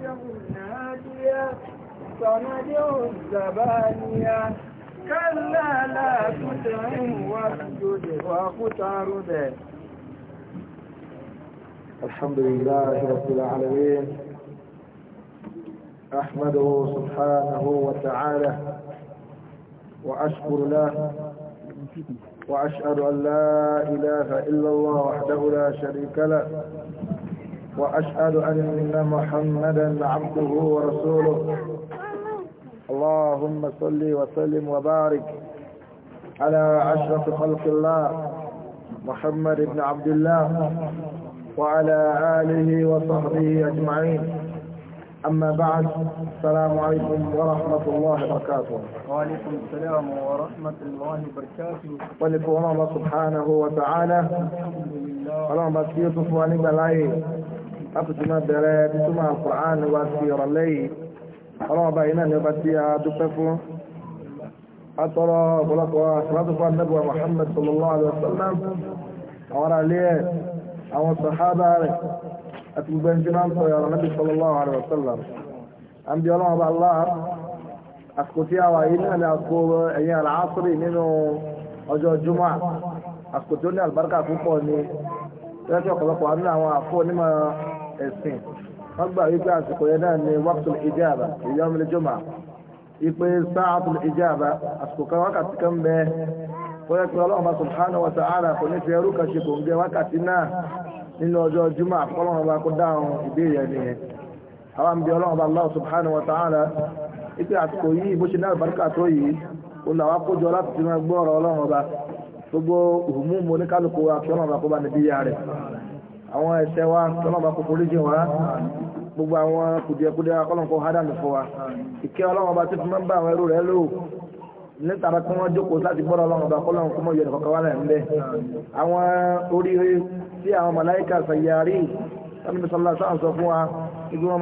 ناديا نادية سندعو كلا لا تطعم واسجد واقترب الحمد لله رب العالمين أحمده سبحانه وتعالى وأشكر له وأشهد أن لا إله إلا الله وحده لا شريك له وأشهد أن محمدا عبده ورسوله اللهم صل وسلم وبارك على أشرف خلق الله محمد بن عبد الله وعلى آله وصحبه أجمعين أما بعد السلام عليكم ورحمة الله وبركاته وعليكم السلام ورحمة الله وبركاته ولكم الله سبحانه وتعالى الحمد لله اللهم بسيطه ونبلايه láti máa bẹ̀rẹ̀ títúmọ̀ Al-Qur'an wa ti ọ̀rọ̀ lẹ́yìn ọlọ́wọ́ báyìí náà ni ọba tí a dúpẹ́ fún atọ́rọ ọ̀pọ̀lọpọ̀ àṣàlátù fún anábì wa Muhammad sallallahu alaihi wasallam àwọn ará àwọn sàhábà rẹ̀ àti gbogbo ẹ̀sìn wọ́n gbà wípé àsìkò yẹn náà ni wákàtí ìjáàbá ìyọ́mù ní jùmọ̀ ìpè sáàtù ìjáàbá àsìkò kan wákàtí kan bẹ́ẹ̀ fọyọ́ pé ọlọ́run bá subhanahu wa ta'ala kò ní fi ẹrú kan ṣe kò ń gẹ wákàtí náà nínú ọjọ́ jùmọ̀ àkọlọ́run bá kó dáhùn ìbéèrè ẹni yẹn àwọn àmì ọlọ́run bá subhanahu wa ta'ala ìpè àsìkò yìí bó ṣe náà bàrúkà tó yìí ó làwọn àkójọ láti fi máa gbọ́ ọ̀rọ̀ ọlọ́run ọba gbogbo àwọn ẹ̀ṣẹ̀ wa tọ́lọ́bà kò forí jìn wá gbogbo àwọn kùdìẹ̀kùdìẹ̀ akọ́lọ̀kọ́ hádàmì fún wa ìkẹ́ ọlọ́wọ́n bá ti fi máa ń bá àwọn ẹrú rẹ̀ lò nítara kí wọ́n jókòó láti gbọ́dọ̀ ọlọ́run ọba kọ́lọ́run kó mọ̀ yẹn kọ̀ọ̀kan wá náà ń bẹ̀. àwọn oríire tí àwọn màláìka sàyàrí sábẹ́ni sọlá sáà sọ fún wa ibi wọn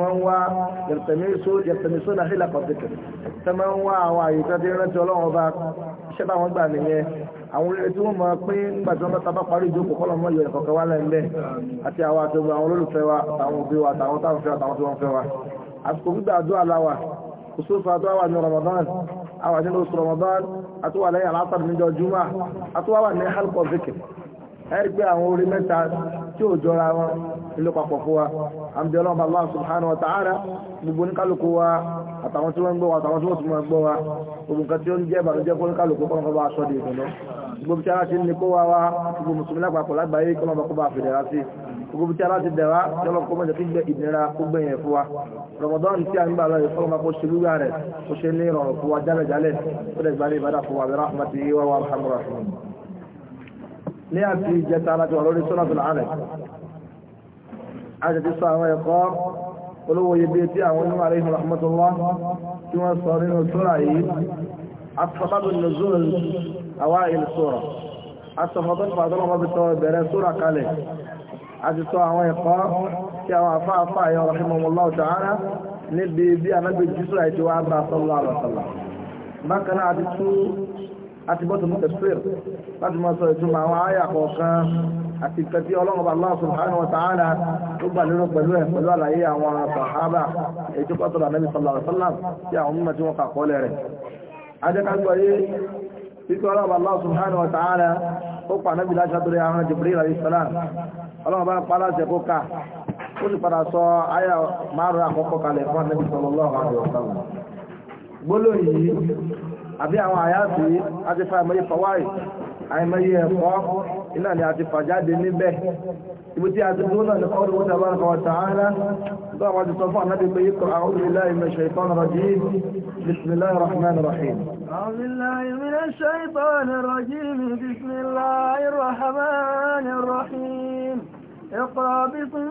máa ń àwọn ẹni tí wọ́n máa pé nígbà tí wọ́n bá tábà parí ìjókòó kọ́ lọ́mọ ìyọ̀ ìkọ̀kọ̀ wá lẹ́yìn bẹ́ẹ̀ àti àwọn àti àwọn olólùfẹ́ wa àtàwọn òbí wa àtàwọn táwọn fẹ́ àtàwọn tí wọ́n fẹ́ wa àsìkò gbígbà àdúrà láwà kùsùfù àdúrà wà ní Ramadan àwà nínú oṣù Ramadan àtúwà lẹ́yìn aláàtàdì níjọ júmọ́ àtúwà wà ní halkọ̀ zikir ẹ̀rí pé àwọn orí mẹ́ta tí ò jọra wọn ló papọ̀ fún wa àmì ọlọ́run Allah subhanahu wa ta'ala gbogbo oníkálukú wa àtàwọn tí wọ́n ń gbọ́ wa àtàwọn tí wọ́n tún máa gbọ́ wa gbogbo nǹkan tí ó ń jẹ́ ìbànújẹ́ fún oníkálukú kọ́nà kọ́ bá aṣọ di ìdùnnú gbogbo tí ara ti ní kó wa wa gbogbo mùsùlùmí lápapọ̀ lágbàáyé kọ́nà bá kó bá fìdẹ̀ra sí gbogbo tí ara ti dẹ̀ra lórí sọ́nà tó làálẹ̀ àjẹ̀tí sọ àwọn ẹ̀kọ́ olówó iyebíye tí àwọn onímọ̀ àrẹ ìhùn rahmatullah tí wọ́n sọ nínú sura yìí asọ́bábù nuzul awa'il sura asọ́fọ́tọ́ fàtọ́lọ́mọ́ fi sọ ìbẹ̀rẹ̀ sura kalẹ̀ àti sọ àwọn ẹ̀kọ́ tí àwọn afáàfáà yọ rahimahullah ta'ala níbi bí anábì jísúra ìtiwá bá sọ́lá àlọ́sọ́lá àti bọ́tù mú tẹ̀sífìr láti máa sọ ìtumọ̀ àwọn àyà kọ̀ọ̀kan àti ìkẹ́ tí ọlọ́run bá Allah subhanahu wa ta'ala tó gbà lérò pẹ̀lú ẹ̀ pẹ̀lú àlàyé àwọn sàhábà èyí tó pàtàkì ànábì sallallahu alaihi wasallam tí àwọn mímọ̀ tí wọ́n kà kọ́lẹ̀ rẹ̀. ajẹ́kágbọ́ yé títí ọlọ́run bá Allah subhanahu wa ta'ala ó pa ànábì láti àtúrí àwọn Jibril alayhi salam ọlọ́run bá pa láti ẹ̀kọ́ ká ó sì padà sọ àyà márùn-ún àkọ́kọ́ kalẹ̀ fún ànábì sallallahu alaihi wasallam gbólóyìn àbí àwọn àyàtì àti fa àìmọye fọwáì àìmọye ẹ̀kọ́ iná ni a ti fàjáde níbẹ̀ ibi tí a ti dúró náà ní ọdún wọ́n tàbí ọkọ̀ tààrà tó àwọn ti sọ fún ànábì pé yíkọ̀ àwọn ilé من الشيطان الرجيم بسم الله الرحمن الرحيم اقرأ باسم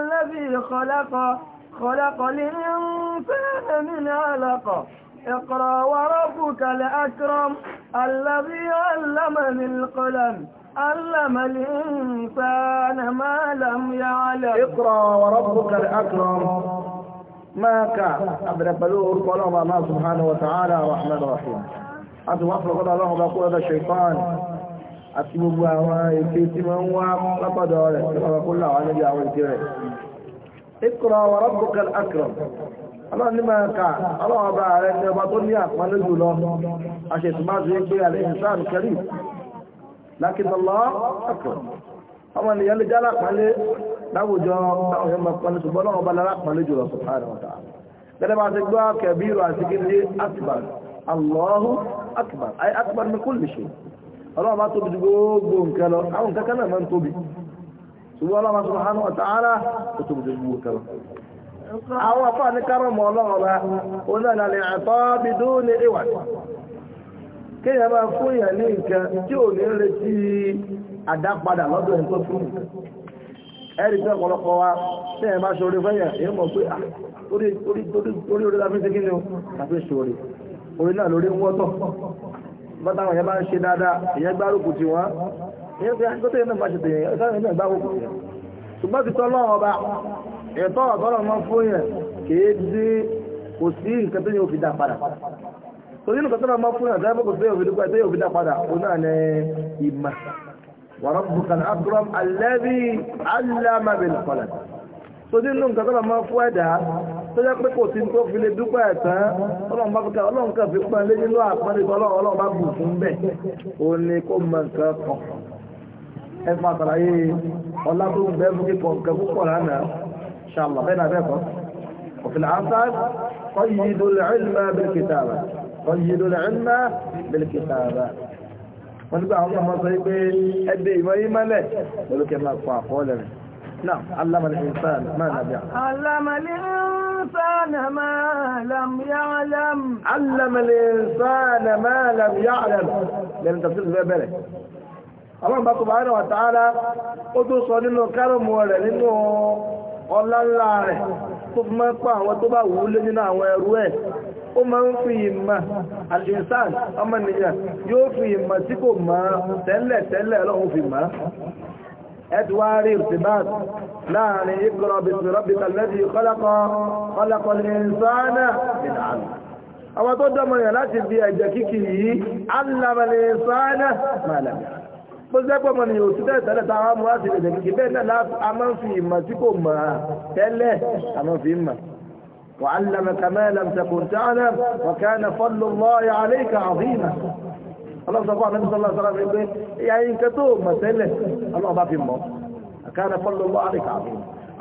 الذي خلق خلق الإنسان من علقه اقرأ وربك الأكرم الذي علم بالقلم علم الإنسان ما لم يعلم اقرأ وربك الأكرم ما كان أبدا بلوغ قلوب الله سبحانه وتعالى الرحمن الرحيم أتوقف قد الله بقول هذا الشيطان àti gbogbo àwọn èké tí wọ́n ń wá lápàdọ̀ rẹ̀ tí wọ́n ọlọ́run ní máa kà ọlọ́run ọba rẹ̀ ní ọba tó ní àpọ́nlé jùlọ aṣètùmáṣe ń gbé àlẹ́ ìsáàrù kẹrì lákìtọ̀lọ́ ọ̀pọ̀ ọmọ ènìyàn lè já lápọ́nlé láwùjọ táwọn èèyàn máa pọ́nlé ṣùgbọ́n ọlọ́run ọba lára pọ́nlé jùlọ subhanahu wa ta'ala gẹ́gẹ́ bá ti gbọ́ kẹbíru àti kíndé akbar allahu akbar ay akbar min kulli shay ọlọ́run bá tóbi gbogbo nǹkan ń tóbi ṣùgbọ́n ọlọ́run subhanahu àwọn afáà ní kárọ̀mù ọlọ́run bá òun náà nàlẹ́ àtọ́ bidú ní ìwà kéèyàn máa fún èèyàn ní nǹkan tí ò ní retí àdápadà lọ́dọ̀ ẹ̀ tó fún ẹ̀rí tí ọ̀pọ̀lọpọ̀ wa tí ẹ̀ bá ṣorí fẹ́yà èyí mọ̀ pé ah, orí orí la fi ṣe kí ni o tàbí ṣorí orí náà lórí ń wọ́tọ̀ bọ́tà àwọn èèyàn bá ń ṣe dáadáa èèyàn gbárùkù tì wọ́n èèyàn fi àkókò tẹ̀yìn náà bá ṣe tẹ̀yìn ìsáyẹn náà gbárùkù tì wọ́n ṣùgbọ́n ti tọ́ lọ́wọ́ ọba ètò ọ̀tọ́rọ̀ mọ́ fún yẹn kìí dí kò sí nǹkan tó yẹ òfin dá padà torí nǹkan tó mọ́ fún yẹn tó yẹ kò sí òfin dúpẹ́ tó yẹ òfin dá padà ó náà ní ìmọ̀ wàrọ̀ bùkàn abdulram alẹ́bí alámàbẹ̀lẹ̀ kọlẹ̀ tó nínú nǹkan tó mọ́ fún ẹ̀dá tó yẹ pé kò sí tó fi lè dúpẹ́ ẹ̀tàn ọlọ́run bá kọ́kẹ́ ọlọ́run kan fi pọ́n lé nínú àpọ́nlé ọlọ́run fún àtàlàyé ọlá tó ń bẹ fún kíkọ nǹkan púpọ̀ lánàá شاء الله بين أبيكم وفي العصر قيد العلم بالكتابة قيد العلم بالكتابة ونبقى الله مصيبين أدي ويملك ولكن ما أقول لك نعم علم الإنسان ما لم يعلم علم الإنسان ما لم يعلم علم الإنسان ما لم يعلم لأن تفسير في بالك الله سبحانه وتعالى قدس وننو كرم ولننو ọlá ńlá rẹ̀ tó fi máa ń pa àwọn tó bá wù lé nínú àwọn ẹrú ẹ̀ ó máa ń fi ìmọ̀ àlìsàn ọmọnìyàn yóò fi ìmọ̀ tí kò mọ̀ tẹ́lẹ̀ tẹ́lẹ̀ fi mọ̀ ẹ̀tùwárí ìrìtìbáàtì láàrin ìkọrọ̀bìsì rọ́bìtà lẹ́dí bó ṣe pọ̀ mọ́ ni òtún tẹ́lẹ̀ tẹ́lẹ̀ tá a wá mú láti lè dẹ̀kí bẹ́ẹ̀ náà a máa ń fi ìmọ̀ tí kò mọ̀ tẹ́lẹ̀ a fi mọ̀. وكان فضل الله عليك عظيما ọlọ́run sọ fún àmì sọ́lá sọ́lá fi pé ìyá yín kẹ́ tó mọ̀ tẹ́lẹ̀ ọlọ́run bá fi mọ̀ àkàrẹ fọ́lọ́lọ́ àríkà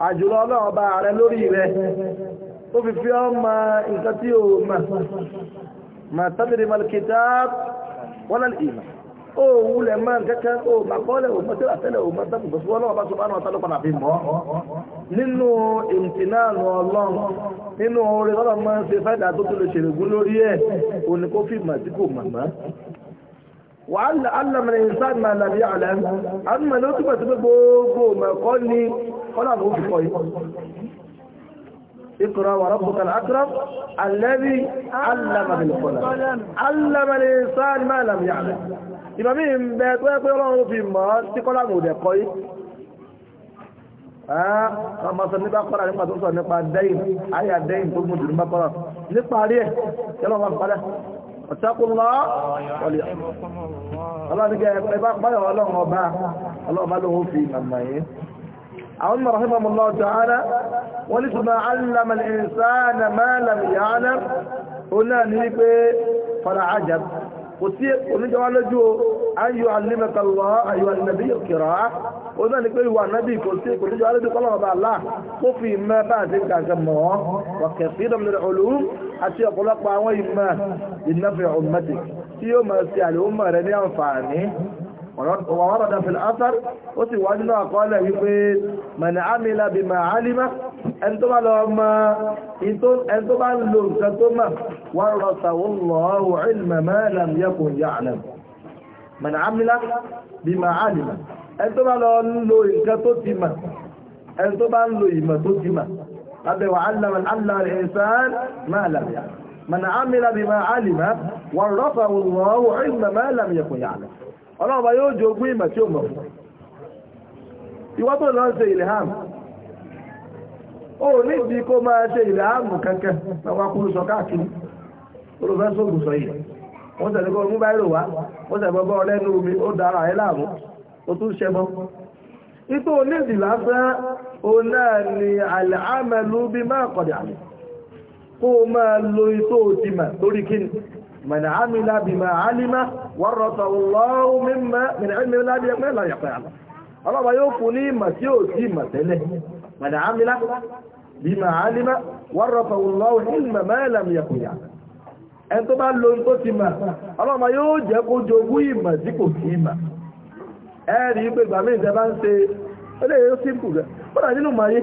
àjùlọ ọlọ́run bá rẹ lórí rẹ ó fi fi ọmọ nǹkan tí ó mọ̀ mà ó wulẹ̀ máa kẹ́kẹ́ ó bàkọ́lẹ̀ ò mọ́tí àtẹ́lẹ̀ ò mọ́tí àtẹ́lẹ̀ òṣùwọ́n náà bá tó bá náà tọ́lọ́ padà fi mọ́ nínú ìmtìnáànù ọlọ́run nínú oore lọ́dọ̀ máa ń ṣe fẹ́dà tó tó lè ṣèlégún lórí ẹ̀ òní kó fi mọ̀ tí kò mọ̀ mọ́ wàhálà alámìnà ìsáàmì máa làbí àlẹ́ àmì ló túbọ̀ sí pé gbogbo mẹ́kọ́ ni kọ́lá ló fi kọ́ yìí اقرأ وربك الأكرم الذي علم بالقلم علم الإنسان ما لم يعلم ìmọ̀ mi ń bẹ tó yẹ pé ọlọ́run fi mọ̀ ọ́ sí kọ́lá mò dẹ̀ kọ́ yìí ọmọ sọ nípa kọ́lá nípa tó sọ nípa dẹ́yìn àyà dẹ́yìn tó mú jù nípa kọ́lá nípa rí ẹ̀ yọ́lọ́ wọn padà ọ̀tẹ́kùnlọ́ ọ̀lẹ́ ọlọ́nìkẹ́ ẹ̀bá báyọ̀ ọlọ́run ọba ọlọ́run kò sí oníjọwá lójú o ayò alìmẹ́kàlọ́ ayò alìmẹ́bí òkèrà ó náà ni pé ìwà náàbì kò sí kò níjọwá lójú kọ́lọ̀ ọba àlá kó fi ìmọ̀ bá àti gàgà mọ́ ọ̀kẹ́ sí ìdọ̀mìnira olùrù àti ọ̀pọ̀lọpọ̀ àwọn ìmọ̀ ìnáfẹ́ ọmọdé tí yóò máa ṣe àlè وورد في الأثر وسواجنا قال يقول من عمل بما علم أنتم لما أنتم أنتم لهم كنتم ورثه الله علم ما لم يكن يعلم من عمل بما علم أنتم لهم كنتم أنتم لهم كنتم قد وعلم أن الإنسان ما لم يعلم من عمل بما علم ورثه الله علم ما لم يكن يعلم ọlọ́ọ̀bá yóò jogún ìmọ̀ tí ó mọ̀ ìwọ́n tó lọ ṣe ìlẹ̀hàmù ó níbi kó máa ṣe ìlẹ̀hàmù kankan lọ́wọ́ sọ káàkiri olùfẹ́sọ́gùn sọ yìí wọ́n tẹ̀lé mú báyìí wá wọ́n tẹ̀lé bọ́ lẹ́nu omi ó dára ẹ̀ láàmú ó tún ṣẹ من عمل بما علم ورثه الله مما من علم لا بيقين لا يقين الله ما يوفني ما سيوتي ما تله من عمل بما علم ورثه الله علم ما لم يكن يعلم ẹn tó bá lo tó ti mà ọlọ́mọ yóò jẹ́ kó jogún ìmọ̀ tí kò sí ìmọ̀ ẹ̀rí pé ìgbà míì tẹ́ bá ń ṣe ó lè yóò símpù rẹ̀ ó dà nínú mọ̀ ayé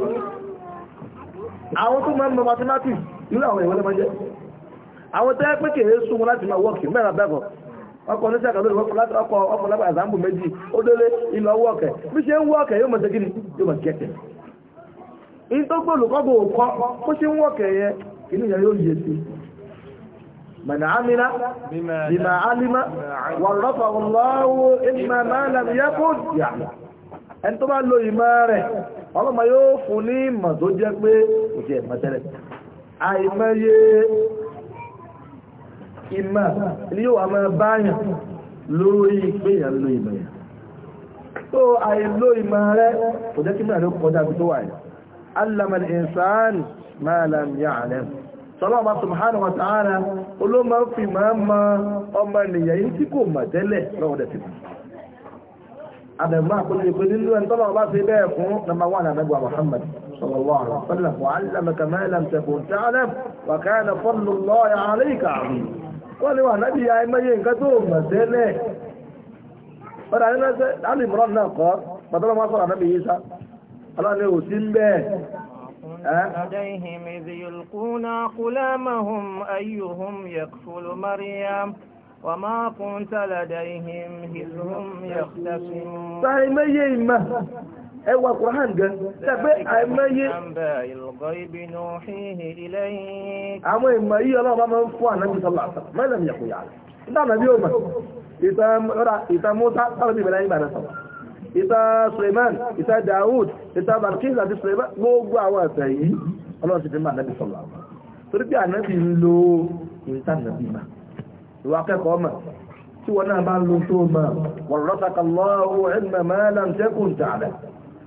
àwọn tó máa ń mathematics nínú àwọn ìwọlé máa jẹ́ àwọn tẹ́lẹ̀ pé kèrè sún wọn láti máa wọ́ọ̀kì mẹ́rin bẹ́ẹ̀ ọkọ̀ oníṣẹ́ láti ọkọ̀ ọkọ̀ méjì ó délé wọ́ọ̀kẹ̀ bí ṣe ń wọ́ọ̀kẹ̀ yóò mọ̀ gíní yóò mọ̀ in tó gbòòlù kọ́ bò bó ṣe ń wọ́ọ̀kẹ̀ yẹn kìíní yẹn yóò yé sí mọ̀nà àmìnà bìmà álímà wà rọ́pà ọlọ́wọ́ ìmà máa làm yẹ kó yà ẹni tó bá ìmọ̀ ilé yóò wà máa báyàn lórí pé èèyàn lo ìmọ̀ yẹn tó àìlò ìmọ̀ rẹ kò jẹ́ kí mọ̀ rẹ kọjá bí tó wà yẹn alamal insan ma lam ya'lam sọlọ́ọ̀bá subhanahu wa ta'ala olóòmà ń fi máa ma ọmọ ènìyàn yìí tí kò mà tẹ́lẹ̀ lọ́wọ́ dẹ̀ ti mọ̀ àbẹ̀mọ́ àkọlẹ̀ pé nínú ẹni tọ́lọ́ bá ṣe bẹ́ẹ̀ fún wọ́n ní wà nábì àìmọye nǹkan tó mọ̀ tẹ́lẹ̀ ọ̀dà nínú ẹsẹ̀ alìmọ́ràn náà kọ́ pàtàkì wọn sọ̀rọ̀ ànábì yìí sá ọlọ́run ní ń bẹ́ẹ̀. لديهم إذ يلقون أقلامهم أيهم يكفل مريم وما كنت لديهم إذ هم يختصمون ẹwà kùrán gan tẹ́gbẹ́ àìmọye àwọn ìmọ̀ yìí ọlọ́ọ̀bá máa ń fún ànábì sọ́lá mẹ́lẹ̀ mi yàkùyà ìtànà bí ó mọ̀ ìtàn mọ́ta sábà bí ìbẹ̀rẹ̀ ìbàdàn sọ̀rọ̀ ìtàn Suleiman ìtàn Daoud ìtàn Barkis àti Suleiman gbogbo àwọn ẹ̀sẹ̀ yìí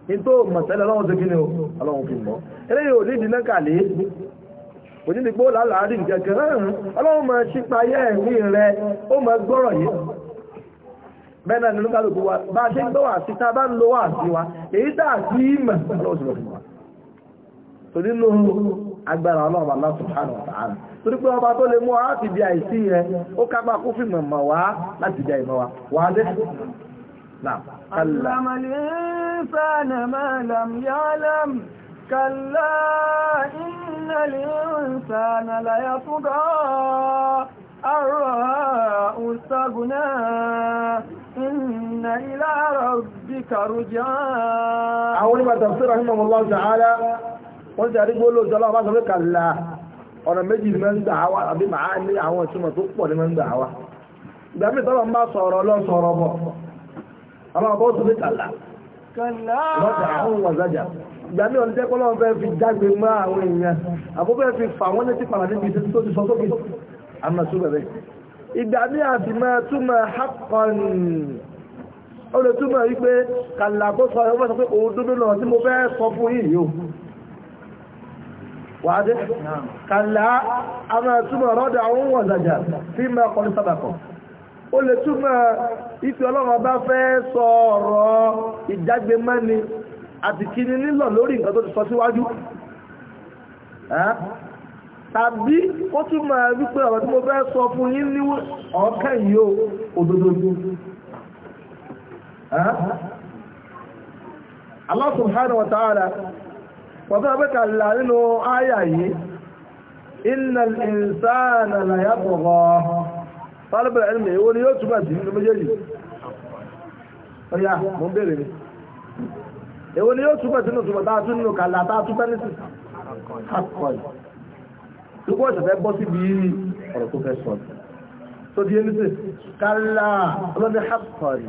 nító mọ̀tẹ́lẹ̀ ọlọ́run ti kí ni ọlọ́run fi mọ́ eléyìí ò ní ìdínà kàlé kò ní dìgbò láàárín gẹ̀gẹ̀ rẹ̀rùn ọlọ́run mọ̀ sípayẹ́ ẹ̀mí rẹ̀ ó mọ̀ gbọ́rọ̀ yìí bẹ́ẹ̀nà ní olúkàlùkù wa bá ṣe ń gbọ́wà sí ta bá ń lo wà sí wa èyí tà sí ìmọ̀ ọlọ́run ti lọ fún wa tò nínú agbára ọlọ́run Allah subhanahu wa ta'ala torí pé ọba tó lè mú wa láti di àìsí yẹn ó kápá kó fìmọ̀ mọ̀ wá láti di àìmọ̀ wa wà á نعم علم الإنسان ما لم يعلم كلا إن الإنسان ليطغى الرهاء استغنى إن إلى ربك رجعا أول ما تفسير رحمه الله تعالى قلت أريد أقول له جلاله ما سبق كلا ọ̀nà méjì ni من دعوة أبي wá àbí màá ní àwọn ìtumọ̀ tó pọ̀ ní máa ń dà wá ìgbà àwọn ọkọ̀ tó fi kàlá lọ́jà àwọn wàzájà ìgbà mí ọ̀lẹ́jẹ́ kọ́lọ́ fẹ́ fi jágbe mọ́ àwọn èèyàn àbúfẹ́ fi fà wọ́n létí pàdé níbi tí tó ti sọ sókè àmàṣú bẹ̀rẹ̀ ìgbà mí àti máa túmọ̀ hakan ó lè túmọ̀ wípé kàlà kó sọ ẹ̀wọ́n sọ pé òun dúdú náà tí mo fẹ́ wàádé kàlà a máa túmọ̀ rọ́dà àwọn wàzájà fí máa kọ́ sábàkọ̀ ó lè túmọ̀ ife ọlọ́run bá fẹ́ sọ ọ̀rọ̀ ìjágbémọ́ni àti kíni nílọ̀ lórí nǹkan tó ti sọ síwájú tàbí ó túmọ̀ wípé ọ̀rọ̀ tí mo fẹ́ sọ fún yín ní ọ̀ọ́kàn yìí ó òdodo Allah subhanahu wa ta'ala wọ́n bẹ́ kàlà nínú áyà yìí innal insana la yatgha tọ́lẹ̀bẹ̀rẹ̀ ẹni èwo ni yóò túbọ̀ sí nínú méjèèjì ọ̀yà mo bèèrè ni èwo ni yóò túbọ̀ sínú túbọ̀ táa tún nínú kàlà táa tún tẹ́nísì akọ̀ì lókọ́ ìṣẹ̀fẹ́ bọ́ síbi ọ̀rọ̀ tó fẹ́ sọ tó di ẹni kàlà ọlọ́dẹ akọ̀ì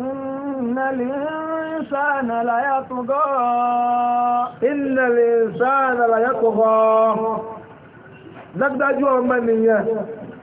Innal insana la yatgha Innal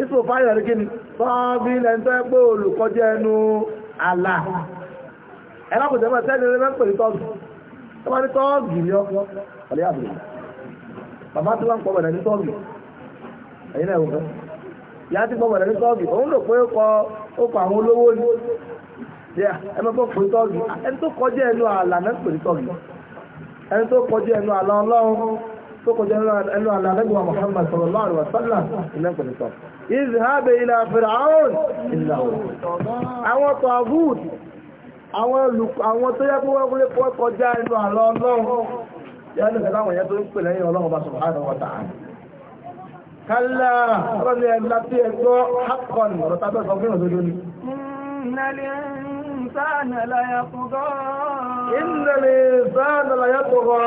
ìsò fáyọ̀ rí kíni sọ́ọ́bí lẹ́ntọ́ pé olùkọjẹ́ ẹnu àlà ẹlọ́pùtẹ́ mọ́ tẹ́lẹ̀ rẹ̀ mẹ́pẹ̀ ní tọ́ọ̀gì tó bá ní tọ́ọ̀gì ní ọkọ̀ ọ̀lẹ́ àbúrò bàbá tí wọ́n ń pọ̀ bẹ̀rẹ̀ ní tọ́ọ̀gì ẹ̀yìn náà wọ́n ìyá tí pọ̀ bẹ̀rẹ̀ ní tọ́ọ̀gì òun lò pé kọ ó kọ àwọn olówó ni ẹni tó pè tọ́ọ̀gì ẹni tó kọjá ẹnu àlà mẹ́pẹ̀ ní tọ́ọ̀gì ẹni tó kọjá ẹnu àlà ọlọ́run فقد أنه على نبوة محمد صلى الله عليه وسلم إنه كان يصف اذهب إلى فرعون إنه أو طاغوت àwọn tó yẹ kó wọ́n lè pọ́ kọjá inú àlọ́ ọlọ́run yẹ́ ní ìfẹ́ láwọn ìyẹ́ tó ń pè lẹ́yìn ọlọ́run bá sọ̀rọ̀ àrùn ọ̀tà kálá ọlọ́run ẹ̀ láti ẹ̀gbọ́ hapkọ́nì ọ̀rọ̀ tábẹ́ sọ fún ìrọ̀lódó ni ìnnẹ̀lẹ̀ ìsáànà láyàkùgọ́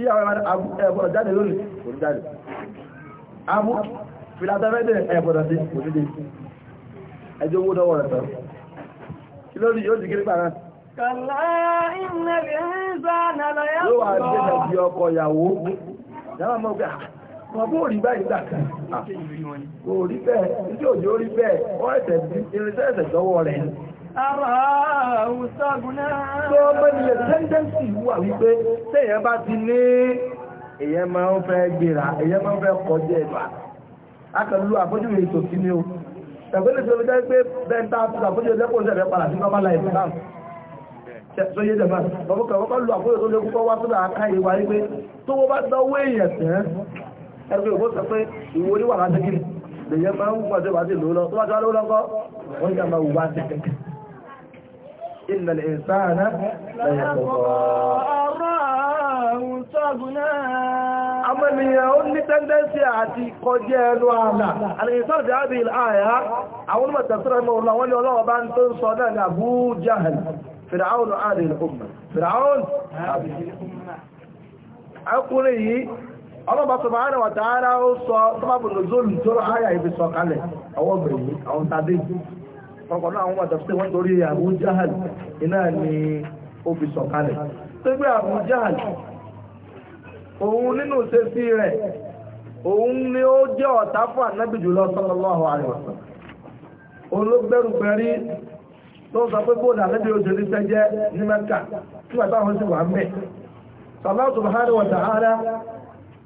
tí ẹ̀bọ̀dọ̀ jáde lónìí kò jáde abú filatẹ́fẹ́dẹ̀ ẹ̀bọ̀dọ̀ sí kò ní ẹjọ́ owó dọ́wọ́ rẹ̀ tán kí ló ní yóò di kiri pàrọ̀ Kàlá tó mẹ́nilẹ̀ tẹ́ndẹ́sì wà wípé tẹ́yẹ bá ti ní èyẹ máa ń fẹ́ gbèrà èyẹ máa ń fẹ́ kọjá ẹ̀bà akẹ́lú àfojúwe ìtòsí ni o ẹ̀gbẹ́lẹ̀ tí ó jẹ́ pé bẹ́ńtà àfojúwe lẹ́kọ̀ọ́ ìṣẹ̀lẹ̀ padà sí normal life náà tó yé jẹ̀mọ́ ọmọkọ̀ ọmọkọ̀ lù àfojúwe tó lé kúkọ́ wá sódà aká ìwà wípé tó wọ́n bá dánwó èèyàn tẹ́ ẹgbẹ́ òbó sọ pé ìwò oníwà láti kiri lèyẹ máa ń wọ́n tó bá ti lò lọ tó bá ti wá lówó lọ́kọ́ wọ́n jà máa wù wá tẹ̀kẹ̀kẹ̀ إن الإنسان أما اللي يقول لي تندسي عتي قديان وانا الإنسان في هذه الآية أول ما تفسر المولى ولي الله وبان تنصد أبو جهل فرعون هذه الأمة فرعون أقول لي الله سبحانه وتعالى صباب النزول سرعة آية يبسوك عليه أو أمري أو تدين ọkọ̀ náà àwọn ọmọdé ṣe wọ́n torí Abu Jahal iná ni ó fi sọ̀kalẹ̀ tó gbé Abu Jahal òun nínú ṣe sí rẹ̀ òun ni ó jẹ́ ọ̀tá fún ànábì jùlọ sallallahu alaihi wasallam òun ló gbẹ́rù pẹ̀rí tó sọ pé bóòlù ànábì oṣù ní sẹ́jẹ́ ní Mẹ́kà tí wàtá àwọn sì wà ń bẹ̀ sọlá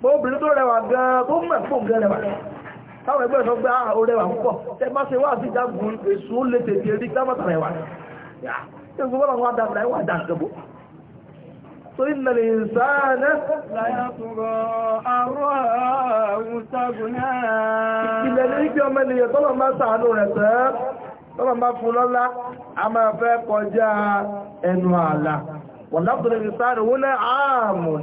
mo obìnrin tó rẹwà gan tó mọ̀ fún gan rẹwà táwọn ẹgbẹ́ sọ pé ah, ó rẹwà púpọ̀ ẹ má ṣe wá sí ìjágun èso ó lè tètè rí dámọ́tà rẹwà ṣe ń gbọ́dọ̀ wọn tọ́lọ̀ máa fún lọ́lá a máa fẹ́ kọjá ẹnu ààlà wọ̀n lápùtẹ̀lẹ̀ ìsáàlẹ̀ wọ́n lẹ́ ààmùn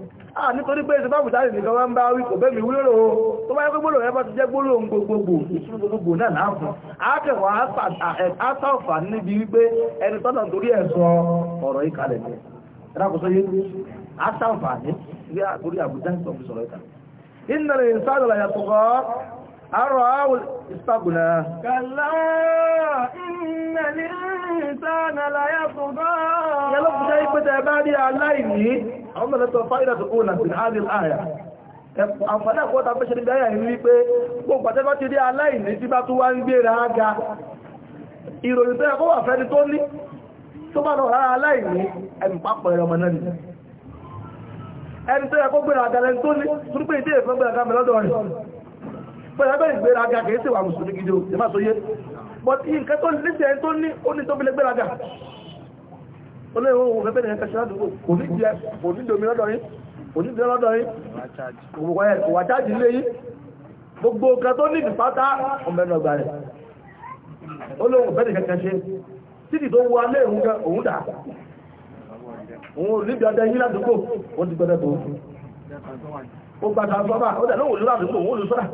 ah nítorí pé ìsìnbá bùtárì nìkan wá ń bá wí kò bẹ́ mi wúlò ó tó bá yẹ gbogbo rẹ̀ bá ti jẹ́ gbólò gbogbogbò ìṣúrù gbogbogbò náà náà fún akẹwà átàfà níbi wípé ẹni tọ́nà torí ẹ̀sọ ọ̀rọ̀ ìkàlẹ̀ ní ẹ̀rákùsọ yé átàfà ní torí àbújá ìsọ̀rọ̀ ìkàlẹ̀ أرآه استغنى كلا إن الإنسان ليطغى يا لو شايف تبادي عليه أما لا تفائدة الأولى من هذه الآية àǹfàní àkọ́wọ́ ta fẹ́ṣẹ́ nígbà yìí ní pé gbogbo àtẹ́bá ti rí aláìní tí bá tó wá ń gbéra ga ìròyìn tó ẹ̀kọ́ wà fẹ́ni tó ní tó bá lọ rárá aláìní ẹ̀mì pápọ̀ ẹ̀rọ mọ̀ náà nìyàn ẹni tó ẹ̀kọ́ gbéra ga lẹ́ni tó ní pẹ̀lẹ́gbẹ́ ìgbéraga kìí sí wà mùsùlùmí gidi òjò máa sóyé but nǹkan tó lẹ́sẹ̀ ẹni tó ní ó ní tó fi lè gbéraga olóòwò òun kẹfẹ́ nìyẹn kẹsì ládùúgbò kò ní jẹ kò ní domi lọ́dọ̀ yín kò ní jẹ lọ́dọ̀ yín kò wà chájì lé yín gbogbo nǹkan tó ní ìfipátá ọmọbẹ̀rẹ̀ ọgbà rẹ̀ olóòwò òun bẹ́ẹ̀ kẹkẹ ṣe títì tó wọ alẹ́ òun kẹ òun dà òun ó ti gbẹdẹ ó gbàdá sọ́bà ó dẹ̀ lóòwò lóòwò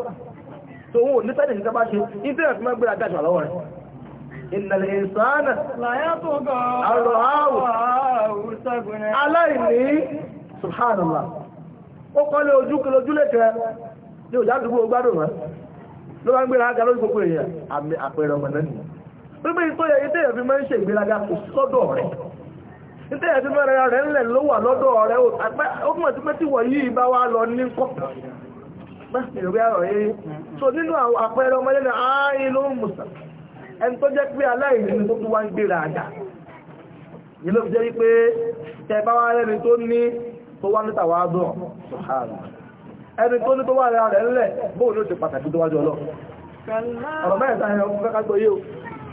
tó wọ́n oh, ní sẹ́dẹ̀ nígbà bá ṣe ìdí ẹ̀fí máa gbéra dáṣà lọ́wọ́ rẹ̀ ìnàlẹ̀ ìsáànà àrọ̀háwù aláìní subhanallah ó kọ́lé ojú kìlójúlé kẹ ní òjá àdúgbò gbádùn rẹ̀ ló bá ń gbéra aga lórí gbogbo èèyàn àmì àpẹẹrẹ ọmọ náà nìyẹn pípé ìtọ́yẹ ìdí ẹ̀fí máa ń ṣe ìgbéraga kò sọ́dọ̀ rẹ̀ ìtẹ́ ẹ̀fí máa rẹ̀ ńlẹ̀ ló wà lọ́dọ̀ rẹ̀ ó túnmọ̀ sí pé tí wọ̀ bá wá lọ ní kọ́ mẹ́sìlẹ̀ ọ̀rọ̀ yẹ́ so nínú àwọn àpẹẹrẹ ọmọlẹ́nà ààrínú mùsà ẹni tó jẹ́ pé aláìní tó tó wá ń gbèrà àdá yìí ló fi jẹ́ wípé tẹ́bá wá rẹ́ni tó ní tó wá níta wá dùn ẹni tó ní tó wà rẹ̀ rẹ̀ ńlẹ̀ bóò ló ṣe pàtàkì tó wájú ọlọ́ ọ̀rọ̀ mẹ́ta ẹ̀rọ fẹ́ ká gbóyé o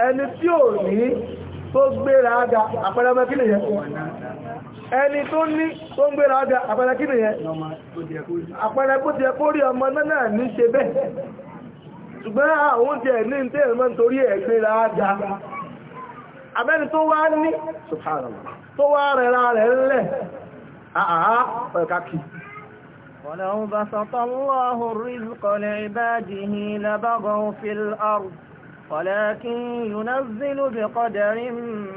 ẹni tí ò ní tó gbèrà àdá àpẹẹrẹ ọmọ kí nìyẹn ẹni tó ní tó ń gbéra ọjà àpẹẹrẹ kí nìyẹn àpẹẹrẹ bó ti ẹ kó rí ọmọ náà ní ṣe bẹ́ẹ̀ ṣùgbọ́n àwọn ti ẹ̀ ní ní tẹ́lẹ̀ mọ́ nítorí ẹ̀ gbéra ọjà abẹ́ni tó wá ní tó wá rẹ̀ ra rẹ̀ ńlẹ̀ àhá الله الرزق لعباده لبغوا في ولكن ينزل بقدر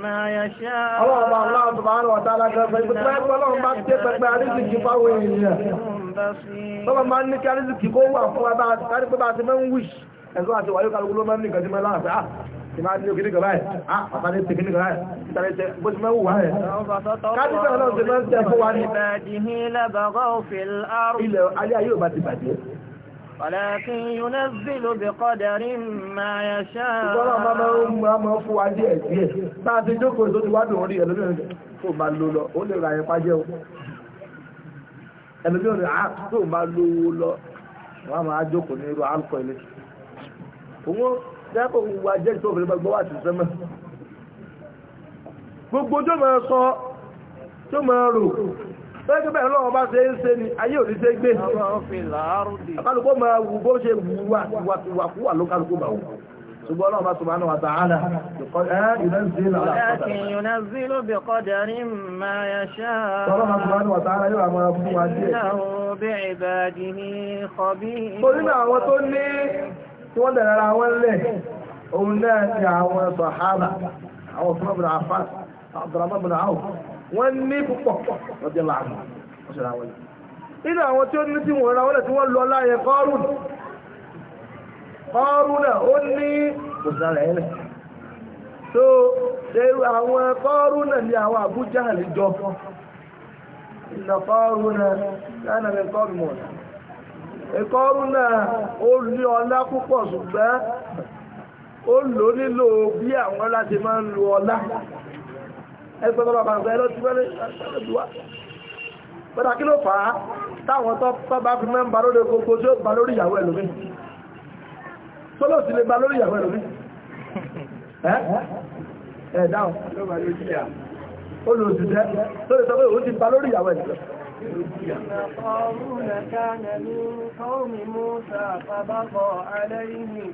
ما يشاء ọlọ́ọ̀bá aláwọ̀ tó bá ń wọ̀ta alágbàgbà ìgbà tó bá ọlọ́run bá tẹ́ pẹ̀pẹ́ àríṣìkì fáwọn èèyàn bọ́bá máa ń ní kí àríṣìkì kó wà fún abá àti pé bá ti mẹ́ ń wíṣ ẹ̀sùn àti wáyé kálukú ló mẹ́ ń ní nǹkan tí mẹ́ láàfẹ́ à ti máa ń ní òkìní kọ̀ọ̀bá ẹ̀ à bàbá ní tìkíní kọ̀ọ̀bá ẹ̀ ìtàlẹ̀ tẹ bó ti mẹ́ wù wá ẹ̀ káàdì ولكن ينزل بقدر ما يشاء máa máa máa fún lọ́jọ́ bẹ̀rẹ̀ lọ́wọ́ bá ṣe ń ṣe ni ayé òní ṣe gbé àkálùkò ma wù bó ṣe wùwàkúwà ló kálùkò bá wù ṣùgbọ́n náà bá tó máa náà wàtà ààlà yùnàzílò bí kọ́dẹ̀rí wọ́n ní púpọ̀ ọdẹ láàmú ọ̀ṣẹ̀rà wọlé nínú àwọn tí ó ní tí wọ́n ra tí wọ́n lọ láyé kọ́rùn kọ́rùn náà ó ní òṣàlẹ̀ ẹ̀lẹ̀ àwọn kọ́rùn náà ní àwọn kọ́rùn náà lánàá mọ̀ náà ó ní ọlá púpọ̀ ṣùgbọ́n ó bí àwọn máa ń lo ọlá ẹgbẹ́ tọ́lọ́ bá ń sọ ẹlọ́tí bẹ́ẹ̀ kí ló fà á táwọn tọ́ bá fi mẹ́mbà lórí gbogbo tí ó gbà lórí ìyàwó ẹlòmí tọ́lọ́ sí lè gbà lórí ìyàwó ẹlòmí ẹ̀ dáhùn olùsìṣẹ́ tó lè sọ pé òun ti gbà lórí ìyàwó ẹlòmí قارون كان من قوم موسى فبقى عليهم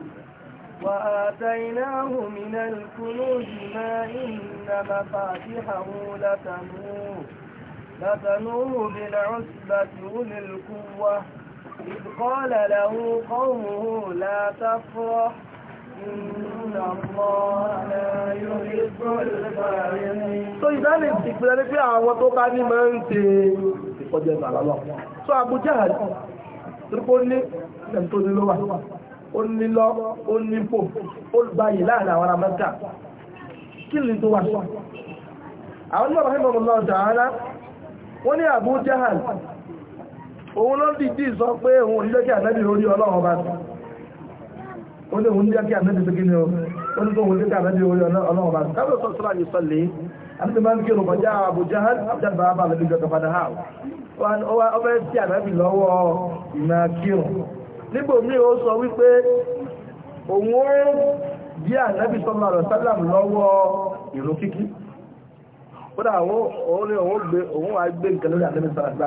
وآتيناه من الكنوز ما إن مفاتحه لتنوه لتنوه بالعسبة أولي القوة إذ قال له قومه لا تفرح So ìdálé ìpìlẹ̀ ní pé àwọn tó bá ní máa ń tẹ ìkọjẹ́ ìgbàlá So Abu Jahal, tó ní ẹ̀ntó ní ló ó nílọ ó láàrin àwọn amẹ́ríkà kí lè tó wà sọ àwọn ní ọ̀rọ̀ ìmọ̀lọ́ ọ̀dàrá wọ́n ní Abu Jahal òun ló dìdí sọ pé òun ò ní orí ọlọ́run bá sí ó ní òun ní jẹ́ kí ànábì nígbò mí ó sọ wípé òun ó bí ànábì sọ́mà rẹ̀ sálàm lọ́wọ́ ìlú kíkí ó dà òun ni òun wà gbé nǹkan lórí ànábì sọ́mà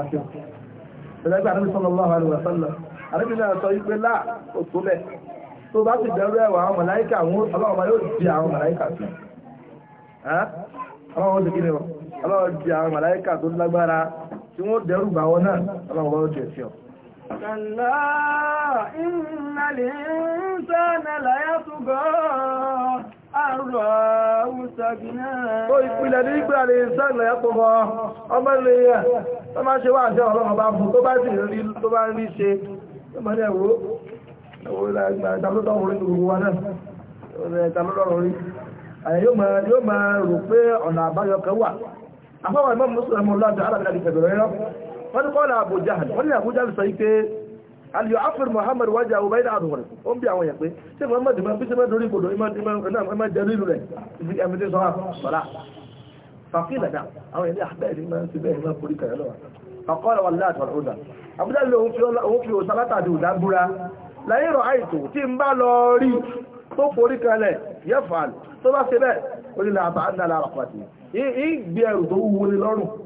ẹ̀lẹ́gbẹ́ ànábì sọ́mà lọ́wọ́ àlùwà sálàm ànábì náà sọ wípé láà ó tó bẹ̀ tó bá sì bẹ̀rù ẹ̀wà àwọn màláíkà àwọn ọlọ́wọ́ yóò di àwọn màláíkà sí ọlọ́wọ́ ti kí ni ọlọ́wọ́ di àwọn màláíkà tó lágbára tí wọ́n dẹ́rù bà wọn náà ọlọ́wọ́ yóò jẹ̀ sí ọ كلا إن الإنسان ليطغى Ó ìpìlẹ̀ ní ìgbà lè sẹ́lẹ̀ ẹ̀pọ̀ mọ́ ọmọ ilé ẹ̀ tó máa ṣe wà ṣe ọ̀rọ̀ ọba fún tó bá sì rí tó bá rí ṣe tó máa ní ẹ̀wọ́ ẹ̀wọ́ ìdàmọ́dọ̀rùn orí gbogbo wa náà ìdàmọ́dọ̀rùn orí yóò wọ́n ní kọ́lá Abu Jahl wọ́n ní Abu Jahl sọ wípé alìyọ afir Muhammad wájà ọba ilẹ̀ àdùnwọ̀n ó ń bí àwọn yẹn pé ṣé Muhammad máa bí ṣe máa dorí kodò ìmọ̀ jẹ́ ríru rẹ̀ ibi ẹ̀mẹ́tẹ́ sọ́wọ́ sọ́lá fàkílà náà àwọn ilé àbẹ́ẹ̀rí ah, máa ń fi bẹ́ẹ̀ máa forí kẹ̀rẹ́ lọ́wọ́ fàkọ́lá wà láàtọ̀ ọ̀dà Abu Jahl òun fi òsà látàdì òdà tó bá ṣe bẹ́ẹ̀ ó ní ń dá lára pàtì tó wúwo ní lọ́rùn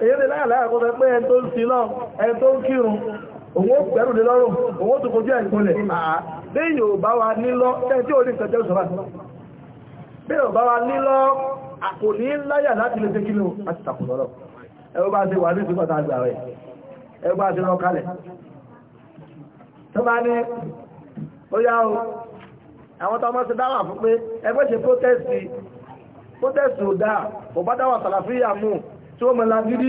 èyí ni láàrín àkọ́ fẹ́ pé ẹni tó ń sin náà ẹni tó ń kírun òun ó pẹ̀rù ní lọ́rùn òun ó tún kojú ẹ̀kúnlẹ̀ bẹ́ẹ̀ yóò bá wa nílọ tẹ́ẹ̀ tí ó ní nǹkan jẹ́ òṣùpá bẹ́ẹ̀ yóò bá wa nílọ àpò ní láyà láti lè tẹ́kí lò láti tàkù lọ́rọ̀ ẹwọ́ bá ṣe wà ní ìsìnkú àti àgbà rẹ̀ ẹwọ́ bá o àwọn tó máa ṣe dáwà fún pé ẹgbẹ́ ṣe protest protest ò dáa kò dáwà sàlàfíà mú tí ó mọ̀ lágídí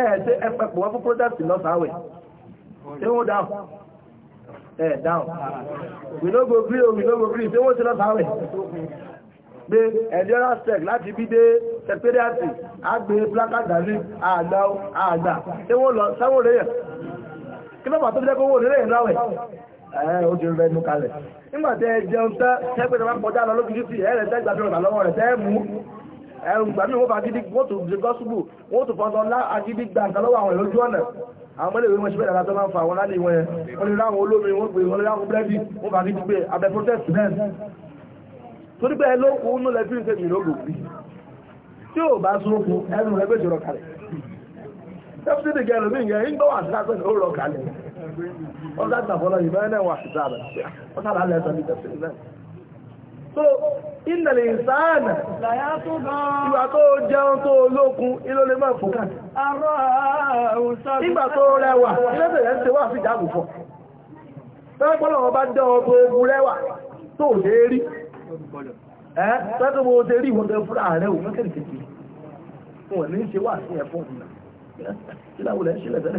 ẹ̀ẹ́dẹ́ ẹpẹpọ̀ wọ́n fún protest lọ́sàáwẹ̀ tí wọ́n dáhùn ẹ̀ dáhùn we no go gree we no go gree tí wọ́n ti lọ́sàáwẹ̀ gbé endurance tech láti bí dé secretariat àgbé placard àrí àgbà àgbà tí wọ́n lọ sáwọn òrẹ́yẹ kí lọ́pàá tó fi jẹ́ kó wọ́n òrẹ́yẹ láwẹ̀ ẹ̀ẹ́ ó ti rẹ̀ nù kalẹ̀ nígbà tẹ́ jẹun tẹ́ tẹ́ pẹ̀lú ẹ̀rùn gbàmí wọ́n bá gidi wọ́n tó gbé gọ́sùgbù wọ́n tó fọ́tọ̀ ńlá agidi gbà nǹkan lọ́wọ́ àwọn ìlójú ọ̀nà àwọn mọ́lẹ̀wé wọn ṣe bẹ̀rẹ̀ látọ́ máa ń fa àwọn láti wọn yẹn wọ́n lè ráwọn olómi wọ́n pè wọ́n lè ráwọn búrẹ́dì wọ́n bá gidi pé abẹ protest náà torí bẹ́ẹ̀ ló kú nú lẹ́fí ṣe mìíràn gòkú tí ò bá sún kú ẹnu rẹ̀ bẹ́ẹ̀ jọrọ kalẹ̀ fcd gẹ̀rù mí yẹn ń gbọ́ wà sí lápẹ́ ó rọ kalẹ̀ wọ́n sá so ìnàlẹ̀ ìsáànà ìgbà tó jẹun tó olókun ilé olè máa fò ìgbà tó rẹwà ilẹ́sẹ̀ rẹ̀ ń ṣe wà sí ìjágùn fọ́ tẹ́lẹ̀pọ̀lọ̀ ọba jẹ́ ọgbọ̀ ogun rẹwà tó lè rí ẹ́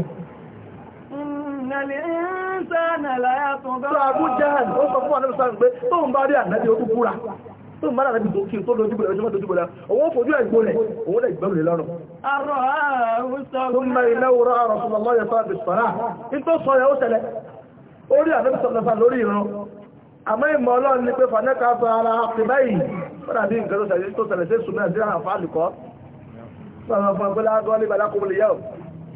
tó ń bára rẹ̀ tó kí n tó lójú bẹ̀rẹ̀ ojúmọ́ tó jùbọ̀lá òun fojú ẹ̀gbọ́n rẹ̀ òun lè gbẹ̀rẹ̀ lọ́rùn tó ń mẹ́rin lẹ́wọ́rọ̀ àrọ̀ sọ̀lọ́lọ́ yẹ fábí sọ̀rá in tó sọ yẹ ó tẹ̀lẹ̀ orí àfẹ́bìsọ̀lọ́fà lórí ìran àmọ́ ìmọ̀ ọlọ́run ni pé fànẹ́kà sọ ara pè báyìí fọ́nà bí nǹkan tó tẹ̀lẹ̀ sí sùnmọ́ àti àfáàlùkọ́ sọ̀rọ̀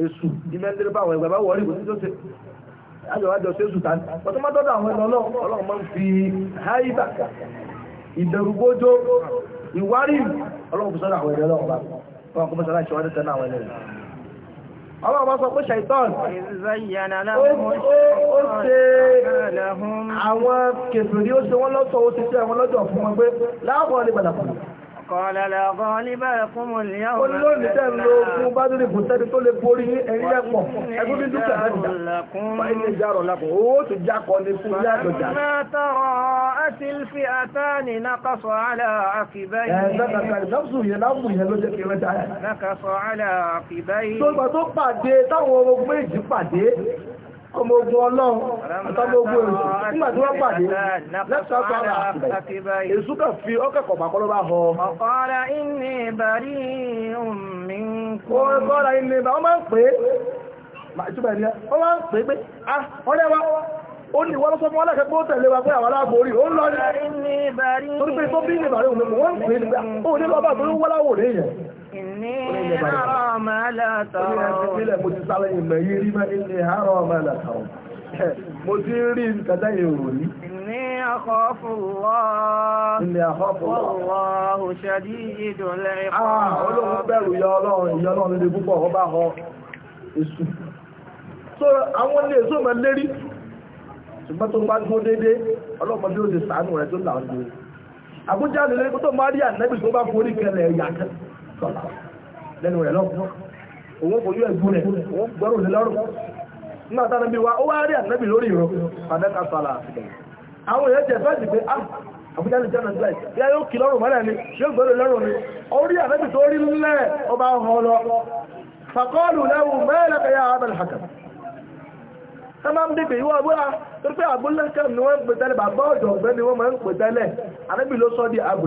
èsù ìmẹ́ndẹ́rẹ́ bá àwọn ẹgbẹ́ bá wọ̀ọ́rí kò sí tó ṣe àjọwájọ ṣe èsù tán ọtọ́ má tọ́jú àwọn ẹ̀nà ọlọ́run ọlọ́run máa ń fi háìbà ìdẹ̀rùgbójó ìwárí ọlọ́run fúnṣọ́dọ̀ àwọn ẹ̀nà ọlọ́run bá àwọn ẹ̀nà ọlọ́run Kọ̀ọ̀lá lọ́gọ́ níbà fún ìyàwó. Ó ló ní tẹ́ ló fún bá tó lè fún tẹ́ni tó lè borí ẹ̀rí lẹ́pọ̀. Ẹgbẹ́ bí dúkà lẹ́jà. Fáìlì járọ̀ lápò. Owó tó jákọ̀ ní fún ilé àjọjà. Máa tọrọ àti fi àtàní nákàsọ̀ àlà àkìbáyé ọmọ ogun ọlọ́run àtàbí ogun èṣù nígbà tí wọ́n pàdé lẹ́tọ̀ ọkọ̀ ara àtìbẹ̀ èṣù kan fi ọkọ̀ kọ̀ọ̀bà kọ́ ló bá họ. ọ̀kọ́ra ìní ìbàrí mi kú. ọ̀kọ́ra ìní ìbà wọ́n máa ń pè é ìtumọ̀ ìní wọ́n máa ń pè é pé ah wọ́n lẹ́wà ó ní ìwọ́n lọ́sọ́ fún wọn lẹ́kẹ̀ẹ́ pé ó tẹ̀lé wa pé àwọn aláàbò orí ó ń lọ ní. torí pé tó bí ìbàrí òun ló mọ̀ wọ́n ń pè é nígbà ó ní lọ́ba àbúrò wọ́láwò rèèyàn Ìní àrọ̀ máa látọ̀rọ̀. Ó ní ẹni sílẹ̀ mo ti sálẹ̀ ìmọ̀ yìí rí mẹ́ ìní àrọ̀ máa látọ̀rọ̀. Mo ti rí nǹkan èrò yìí. Ìní àkọ́fùwọ́. Ìní àkọ́fùwọ́. Wọ́wọ́ òṣèdí ìdòlẹ̀ ìpọ̀. Ah, olóhun bẹ̀rù ìyá ọlọ́run ìyá ọlọ́run lè púpọ̀ ọ bá họ èṣù. So àwọn ilé èso mọ̀ lérí. Ṣùgbọ́n tó bá dúró déédéé, ọlọ́pàá bí ó ti sàánù rẹ̀ tó là ń lo lẹ́nu rẹ̀ lọ́wọ́ òun kò yọ ẹ̀gbọ́n rẹ̀ òun gbọ́rò lé lọ́rùn nígbà táwọn ẹbí wa ó wá rí ànábì lórí ìrọ̀ fàdákà sọ́la àwọn èèyàn ah, ń bèbè ìwọ ọgbọ́ra tó pé àbúlẹ̀ ni wọ́n ń pè tẹ́lẹ̀ bàbá ọ̀dọ̀ ọ̀gbẹ́ ni wọ́n máa ń pè tẹ́lẹ̀ ànábì ló sọ di Abu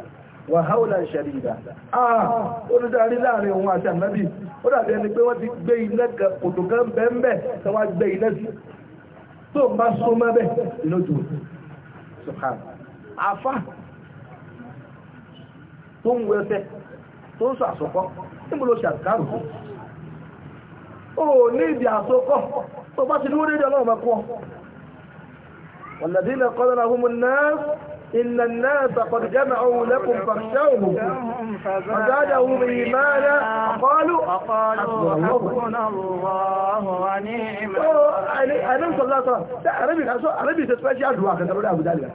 wàháùlà ṣàrídà ah olùdarí láàrin òun àti ànábì ó dàbí ẹni pé wọ́n ti gbé iná kòtò kan bẹ́ẹ̀mbẹ́ tí wọ́n gbé iná sí tó bá sún mẹ́bẹ̀ lójú ṣùkàn afá tó ń wẹ́fẹ́ tó ń sọ àsọkọ́ tí mo lọ ṣàkárù ó ní ìdí àsọkọ́ tó bá ti ní wọ́n dédé ọlọ́run mẹ́kọ́ wọ̀lẹ̀dí إن الناس قد جمعوا لكم فاخشوهم فزادهم إيمانا قالوا حسبنا الله ونعم الوكيل صلى الله عليه وسلم عربي عربي تسبشي أدعاء كان تقول أبو دالي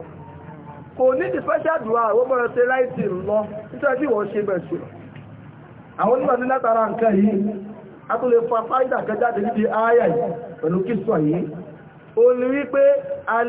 kò ní ti special dua wọ́n mọ̀ ṣe láìsí lọ nítorí tí wọ́n ṣe bẹ̀rẹ̀ ṣe àwọn onímọ̀ ní látara nǹkan yìí a tó lè fa fáìdà kẹjáde níbi ayà yìí pẹ̀lú kí sọ yìí o ní wípé al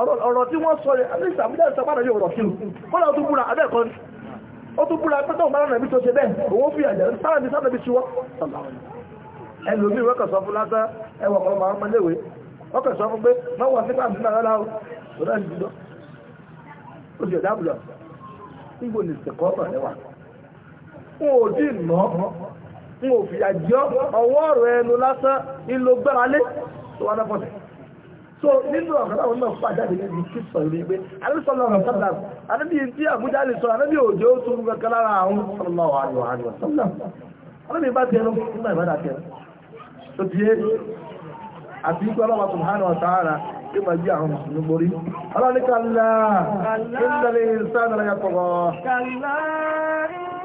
ọ̀rọ̀ tí wọ́n sọ rẹ̀ alẹ́sà mílẹ̀ ìsàpára yóò rọ̀ sí kọ́lá ó tún búra abẹ́ẹ̀kọ́ ni ó tún búra pẹ́tọ̀ mara nàbí tó ṣe bẹ́ẹ̀ òun fi àjẹ́ sára ní sára bí ṣíwọ́ ẹlòmí wọ́kẹ̀ sọ fún lásán ẹwà ọ̀pọ̀lọpọ̀ àwọn ọmọléwé wọ́kẹ̀ sọ fún pé má wà sí pàmì náà láwọ́ tó dá ìdúdọ́ ó sì ọ̀dábùlọ̀ nígbò ní ìsìnkọ́ ọ̀tọ̀ lẹ́wà n ò dì nà n ò fìyà jẹ́ ọwọ́ ọ̀rọ̀ ẹnu lásán ìlò gbáralé tó wà náà fọ́sẹ̀ so nínú ọ̀rọ̀ táwọn náà fún àjáde lẹ́nu kí sọ ìlú ìgbé alẹ́sọ̀lọ́ ọ̀rọ̀ sọ́dà anábì tí àbújá lè sọ anábì òjò ó tún kankan lára àwọn sọ́lọ́ àríwá àríwá sọ́lọ́ anábì bá ti ẹnu nígbà ìbádà tẹ tó ti yé àti ikú ọlọ́wà subhanahu wa ta'ala tí ma jí àwọn mùsùlùmí borí ọlọ́ni kàlá ìdàlẹ̀ ìsáàdàlẹ̀ yàtọ̀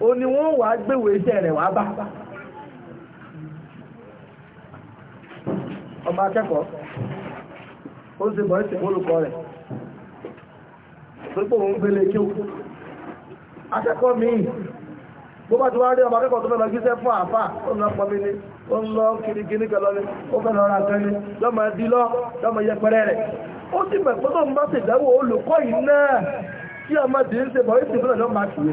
ó ní wọ́n wà gbéwò iṣẹ́ rẹ̀ wà bá ọmọ akẹ́kọ̀ọ́ ó sì bọ̀ ìṣẹ̀ olùkọ́ rẹ̀ pípò òun fẹ́lẹ̀ kí ó akẹ́kọ̀ọ́ míì bó bá ti wá rí ọmọ akẹ́kọ̀ọ́ tó mẹ́lọ gíṣẹ́ fún àfà ó ń lọ ni ó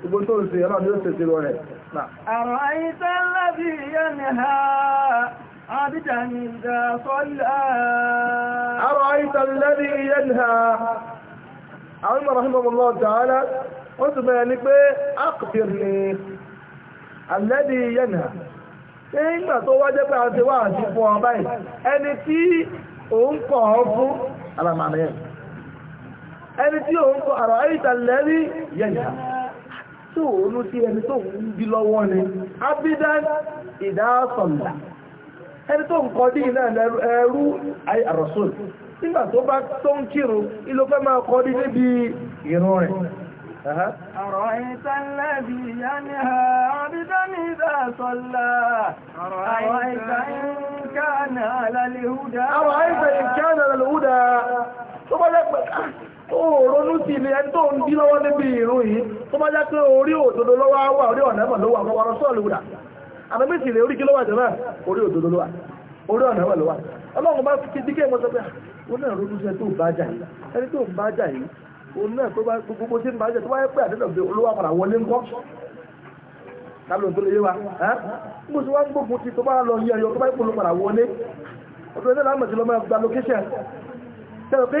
gbogbo tó ń ṣe ọlọ́run yóò ṣe ṣèrò rẹ̀. àrùn àyíká lábí yẹni ha àbíjà ní ìjà sọ́lá. àrùn àyíká lábí àwọn ìmọ̀ rahimahullah ta'ala òun sí ẹni tó ń bí lọ́wọ́ ni abidan ìdásọ̀lá ẹni tó ń kọ́ dí iná ẹrú àrọ̀sùn nígbà tó bá tó ń kírun ilé fẹ́ máa kọ́ dí níbi ìrun rẹ̀ أرأيت الذي ينهى عبدا إذا صلى أرأيت إن كان على الهدى أرأيت إن كان ó ronú sí ilé ẹni tó ń bí lọ́wọ́ níbi ìrun yìí tó bá jẹ́ pé orí òdodo lọ́wọ́ wà orí ọ̀nà ẹ̀mọ̀ lówà àwọn ọ̀rọ̀ sọ́ọ̀lù wùdà àmì sì lè orí kí lọ́wọ́ àjọmọ́ orí òdodo lọ́wọ́ orí ọ̀nà ẹ̀mọ̀ lọ́wọ́ ọlọ́run bá fi díkẹ́ mọ́ sọ pé ó náà ronú sí ẹni tó ń bá jà yìí ẹni tó ń bá jà yìí òun náà tó bá gbogbo tí ń bá jà tó bá yẹ pé àdéhùn olówó àpàrà padà wọlé ọdún ẹgbẹ́ láàmùsí pé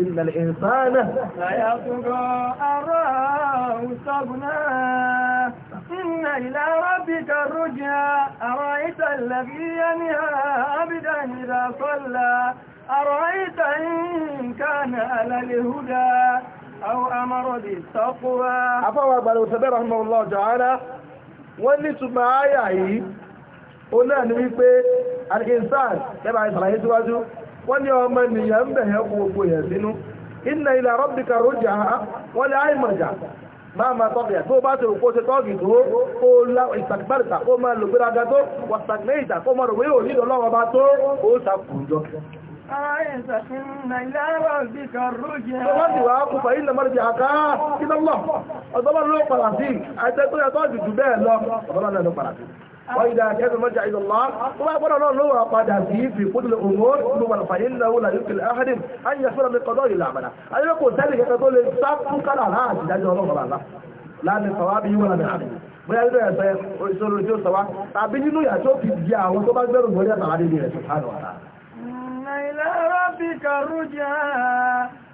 إن الإنسان ليطغى أراه استغنى إن إلى ربك الرجى أرأيت الذي ينهى عبدا إذا صلى أرأيت إن كان على الهدى أو أمر بالتقوى أفوى أبو الوسبي رحمه الله تعالى wọ́n ní túnmà áyà yìí ó náà ní wípé al wọ́n ní ọmọ ènìyàn ń bẹ̀yẹ̀ gbogbo yẹn sínú inna ila rabbika ruj'a wọ́n ní àìmọ̀jà máa ma tọ́gì ẹ̀ tó bá ṣe òkú ṣe tọ́gì tó kó lá ìsàkìbárìta kó máa lò gbéraga tó wàsàkìmẹ́ìta kó máa wéyò nílò lọ́wọ́ bá tó ó sàkùnjọ Ọ̀dọ́bọ̀n ló pàdà sí, àìtẹ́ tó yẹ tọ́jú jù bẹ́ẹ̀ lọ, ọ̀dọ́bọ̀n lẹ́nu pàdà sí wọ́n ìdá akẹ́kọ̀ọ́ mọ́jà ìlú lọ wọ́n bá gbọ́dọ̀ náà ló wà padà sí fìkúndùlẹ̀ òmò ló wà fàyín náà wọ́n láyé kìlẹ̀ ahadin ayé yẹ fúnra mi kọ́ lọ́ọ̀rì làmàlà ayé kò sẹ́ni kẹ́kẹ́ tó lè sá fún kálà láàrín ìdájọ́ ọlọ́run bàbá láàrín sọ̀wá bí wọ́n láàrín àbí bóyá nínú ẹ̀sẹ̀ ìṣòro tí ó sọ wá tàbí nínú ìyà tó fi di àwọn tó bá gbẹ̀rù gbọ́dẹ̀ àtàwọn adé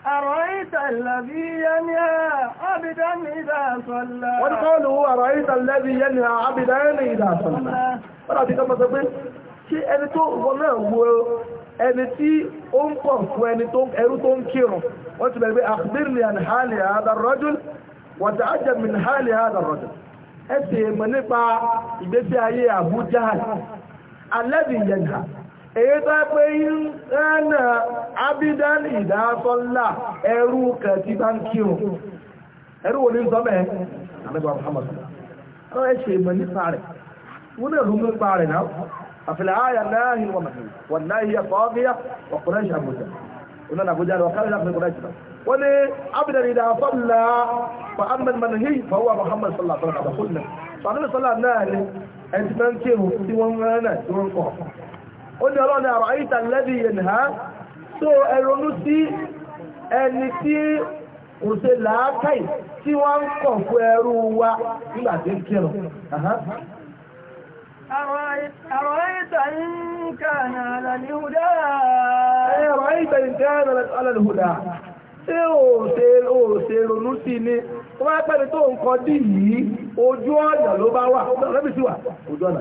أرأيت الذي ينهى عبدا إذا صلى وقالوا أرأيت الذي ينهى عبدا إذا صلى ورأيت كما تقول ṣé ẹni tó wọ́n náà wo ẹni tí ó ń pọ̀ fún ẹni tó ẹrú tó ń kírun wọ́n ti bẹ̀rẹ̀ pé àkùdírìlì àníhálì àádọ́rọ́jùl wọ̀tà ájẹ̀mì níhálì àádọ́rọ́jùl ẹ sì nípa ìgbésí ayé Abu Jahal alẹ́bì èyí tó pé ìrìnà abidan ìdásọ́lá ẹrú kẹtí bá ń kírun ẹrú wo ní sọ bẹ́ẹ̀ àmẹ́gbà Muhammad ọ̀rọ̀ ẹ̀ ṣe ìmọ̀ nípa rẹ̀ wọ́n náà rú nípa rẹ̀ náà àfilẹ̀ àyà náà hìn wọ́n wọ́n náà yẹ fọ́ọ́bíyà ọ̀kùnrin ṣàbùjá wọ́n náà nàbújá lọ kárí láti ọkùnrin ṣàbùjá wọ́n ní abidan ìdásọ́lá fa amman man náà ni ẹni tí wọ́n ń tí wọ́n ń náà tí wọ́n ń ó ní ọlọ́ni àrọ̀ àyíta lẹ́bí yẹnha tó ẹronú sí ẹni tí kò ṣe làákàì tí wọ́n ń kọ̀ fún ẹrú wa nígbà tí ń kírun أرأيت إن كان على الهدى أرأيت إن كان على الهدى ṣé òṣè òṣè ronú sí ni wọ́n pẹ́ni tó ń kọ́ dí yìí ojú ọ̀nà ló bá wà lọ́bí sí wà ojú ọ̀nà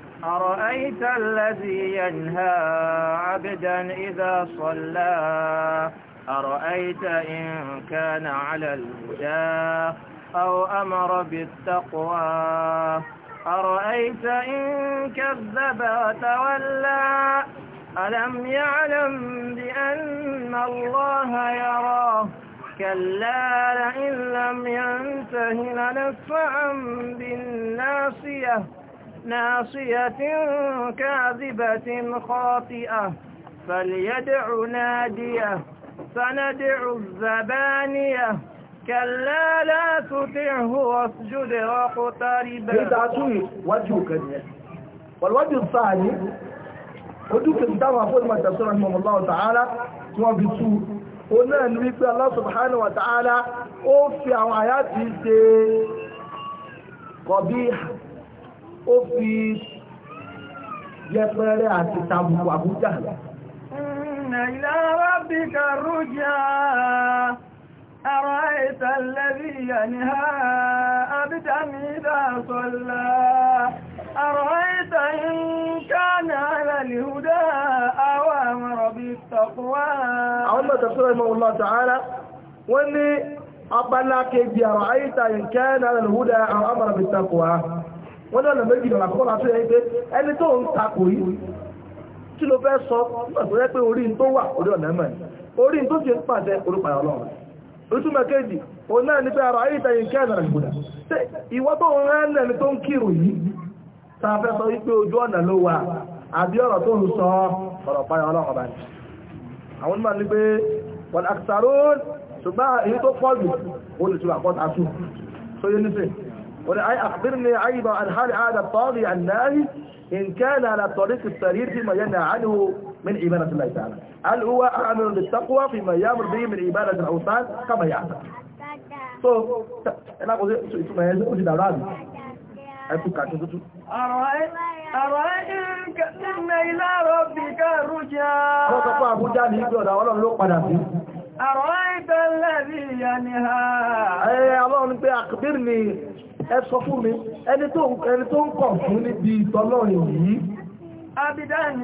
أرأيت الذي ينهى عبدا إذا صلى أرأيت إن كان على الهدى أو أمر بالتقوى أرأيت إن كذب وتولى ألم يعلم بأن الله يراه كلا لئن لم ينته لنفعا بالناصية ناصية كاذبة خاطئة فليدع ناديه فندع الزبانية كلا لا تطعه واسجد واقترب بدعته وجهك والوجه الثاني وجهك الدعوة عفوا ما تفسير رحمه الله تعالى ثم بسوء قلنا ان ويبقى الله سبحانه وتعالى ó fi àwọn àyàtì ṣe kọ̀bíhà ó fi yẹpẹrẹ àti tàbùkù àbújá ìlà rábì kàrújà ara ìtàlẹ́bí yàníhá abítàmídà sọ́lá أرأيت إن كان على الهدى أو أمر بالتقوى أما تفسير رحمه الله تعالى وإني أبلاك بأرأيت إن كان على الهدى أو أمر بالتقوى wọ́n lọ́nà méjì lọ́nà àkọ́kọ́ láti rẹ̀ pé ẹni tó ń takò yìí kí ló fẹ́ sọ nígbà tó rẹ́ pé orí tó wà orí ọ̀nà ẹ̀mọ̀ orí tó ti ń pàṣẹ orúkọ ọlọ́run ìtumọ̀ kejì òun náà ní pé ara ayé ìtayín kí ẹ̀nà ìgbòdà ṣe ìwọ́ tó ń rán ẹni tó ń kírò yìí tá a fẹ́ sọ wípé ojú ọ̀nà ló wà àbí ọ̀rọ̀ tó ń sọ ọ̀rọ̀ payọ̀ ọlọ́run bá ṣùgbọ́n èyí tó pọ̀ jù ó lè ṣùgbọ́n àpọ́ta tù sóyé أخبرني عيبا عن حال هذا الطاغي عن الناهي إن كان على طريق السرير فيما ينهى عنه من عبادة الله تعالى هل هو أعمل بالتقوى فيما يأمر به من عبادة الأوثان كما يعلم أرأيك إن إلى ربك الرجاء أرأيت الذي ينهى أي الله أخبرني ẹ sọ fún mi ẹni tó ń kọ̀ fún níbi ìtọ́lọ́rin yìí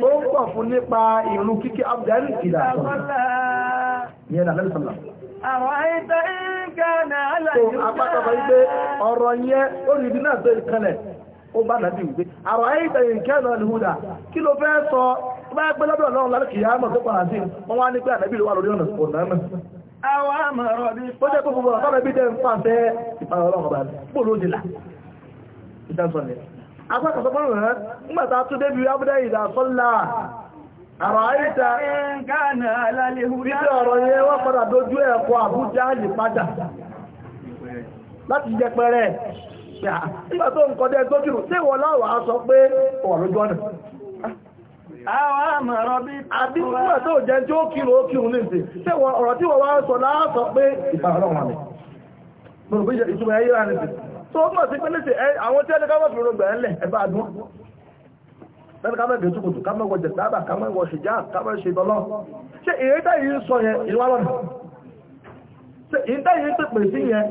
ó ń kọ̀ fún nípa ìrun kíkí abdani ìlà àtọ́lá Àwọn àìta ìkànnà aláìyí. Tó apákọ̀ọ́ wípé ọ̀rọ̀ yẹn ó rí bí náà tó ìkànnà ó bá nàbí wípé àrọ̀ ayíta ìrìnkẹ́ ọ̀nà ìhúdà kí ló fẹ́ sọ bá ẹgbẹ́ lọ́dọ̀ ọlọ́run lálẹ́kìyà mọ̀ tó pàrà sí wọ́n wá ní pé ànàbí ló wà lórí ọ̀nà ọ̀nà náà àwọn àmọ̀rọ̀ bí ó jẹ́ gbogbo ọ̀tọ́rọ̀ bí jẹ́ ń pàtẹ́ ìpàrọ̀ ọlọ́run ọba bóòlù òjìlá ìdánsọ̀lẹ̀ agbákọ̀sọ́gbọ́n rẹ̀ nígbàtà tún débi abúdá ìdásọ́lá àrọ̀ àìta ìṣẹ́ ọ̀rọ̀ yẹ wọ́n padà dojú ẹ̀kọ́ àbújá lè padà láti jẹ pẹ̀rẹ̀ nígbàtà ń kọjá ẹgbókìrù tí wọ́n láwàá sọ pé ọ̀rọ̀ lójú ọ̀nà àbí nígbà tó jẹ́ tí ó kírò ó kírò ní ìsìn tí ọ̀rọ̀ tí wọ́n wá sọ láàásọ pé ìbáhọ́lọ́wọ́n mi mọ̀rọ̀ bí ìtumọ̀ ẹ̀yí rà nìsìn tó mọ̀ sí pé nìsìn àwọn tí ẹni káwọ́ wọ jẹ̀ sọ yẹn ìwà lọ́nà ṣe èyí tẹ́ yìí pèpè sí yẹn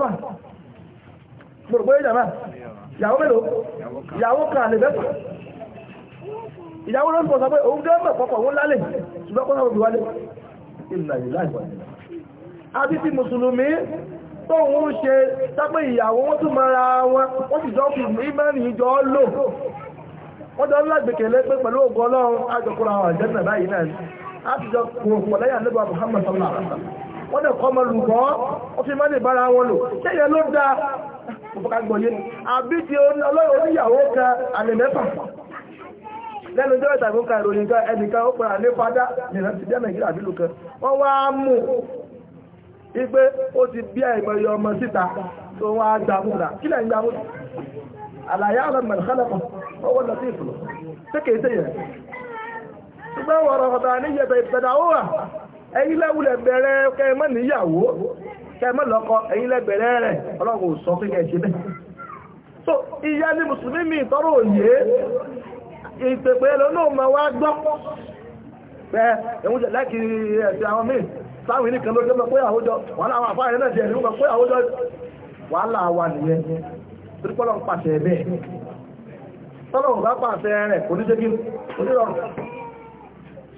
ẹni gbogbo ìjàmá ìyàwó mélòó ìyàwó kan àlè mẹ́fà ìyàwó ló ń sọ pé òun gẹ́ mẹ́ pọ̀pọ̀ òun lálẹ́ ṣùgbọ́n kọ́nà òbí wálé ìlà ìlà ìwà àti ti mùsùlùmí tó ń ṣe tápẹ́ ìyàwó wọ́n tún mara wọn wọ́n sì jọ fi ìmẹ́rin ìjọ lò wọ́n jọ lágbèkèlé pé pẹ̀lú ògo ọlọ́run àjọkúra àwọn àjẹ́ wọ́n dẹ̀ kọ́ mọ lùgbọ́ ó fi má lè bára wọn lò ṣẹ́yẹ ló dá ọ̀pọ̀kagbọ̀yé ni àbí ti oníyàwó kan àmì mẹ́fà lẹ́nu jẹ́ ìtàkùn kan ìròyìn kan ẹnìkan ó pẹ̀lú ànípadà nìran ti jẹ́ nàìjíríà àbílù kan wọ́n wá mú wípé ó ti bí ẹ̀mọ̀yọ ọmọ síta tó wọ́n á gbàmúra kí lẹ́ ń gbàmúra àlàyé àwọn mẹ̀lẹ́kọ́lẹ́kọ̀ ọwọ́ lọ sí ìfúnlọ tí kìí sẹ́yẹ̀ ṣùgbọ́n wọ̀rọ̀ ọ̀tà níyẹ̀bẹ̀ ìbẹ̀dà ó wà ẹ̀yin lẹ́wùlẹ̀ bẹ̀rẹ̀ kẹ́ẹ̀mọ́ níyàwó kẹ́ẹ̀mọ́ lọ́kọ ẹ̀yin lẹ́bẹ̀rẹ̀ rẹ̀ sọ ṣe so ìyá ni musulmi mi tọrọ òye ìpèpè lónà ọmọ wa gbọ́ pé ẹ̀hún láti ẹ̀sìn àwọn míì sáwọn ìníkan ló jẹ́mọ̀ pé àwójọ wàhálà àwọn àfáà náà jẹ́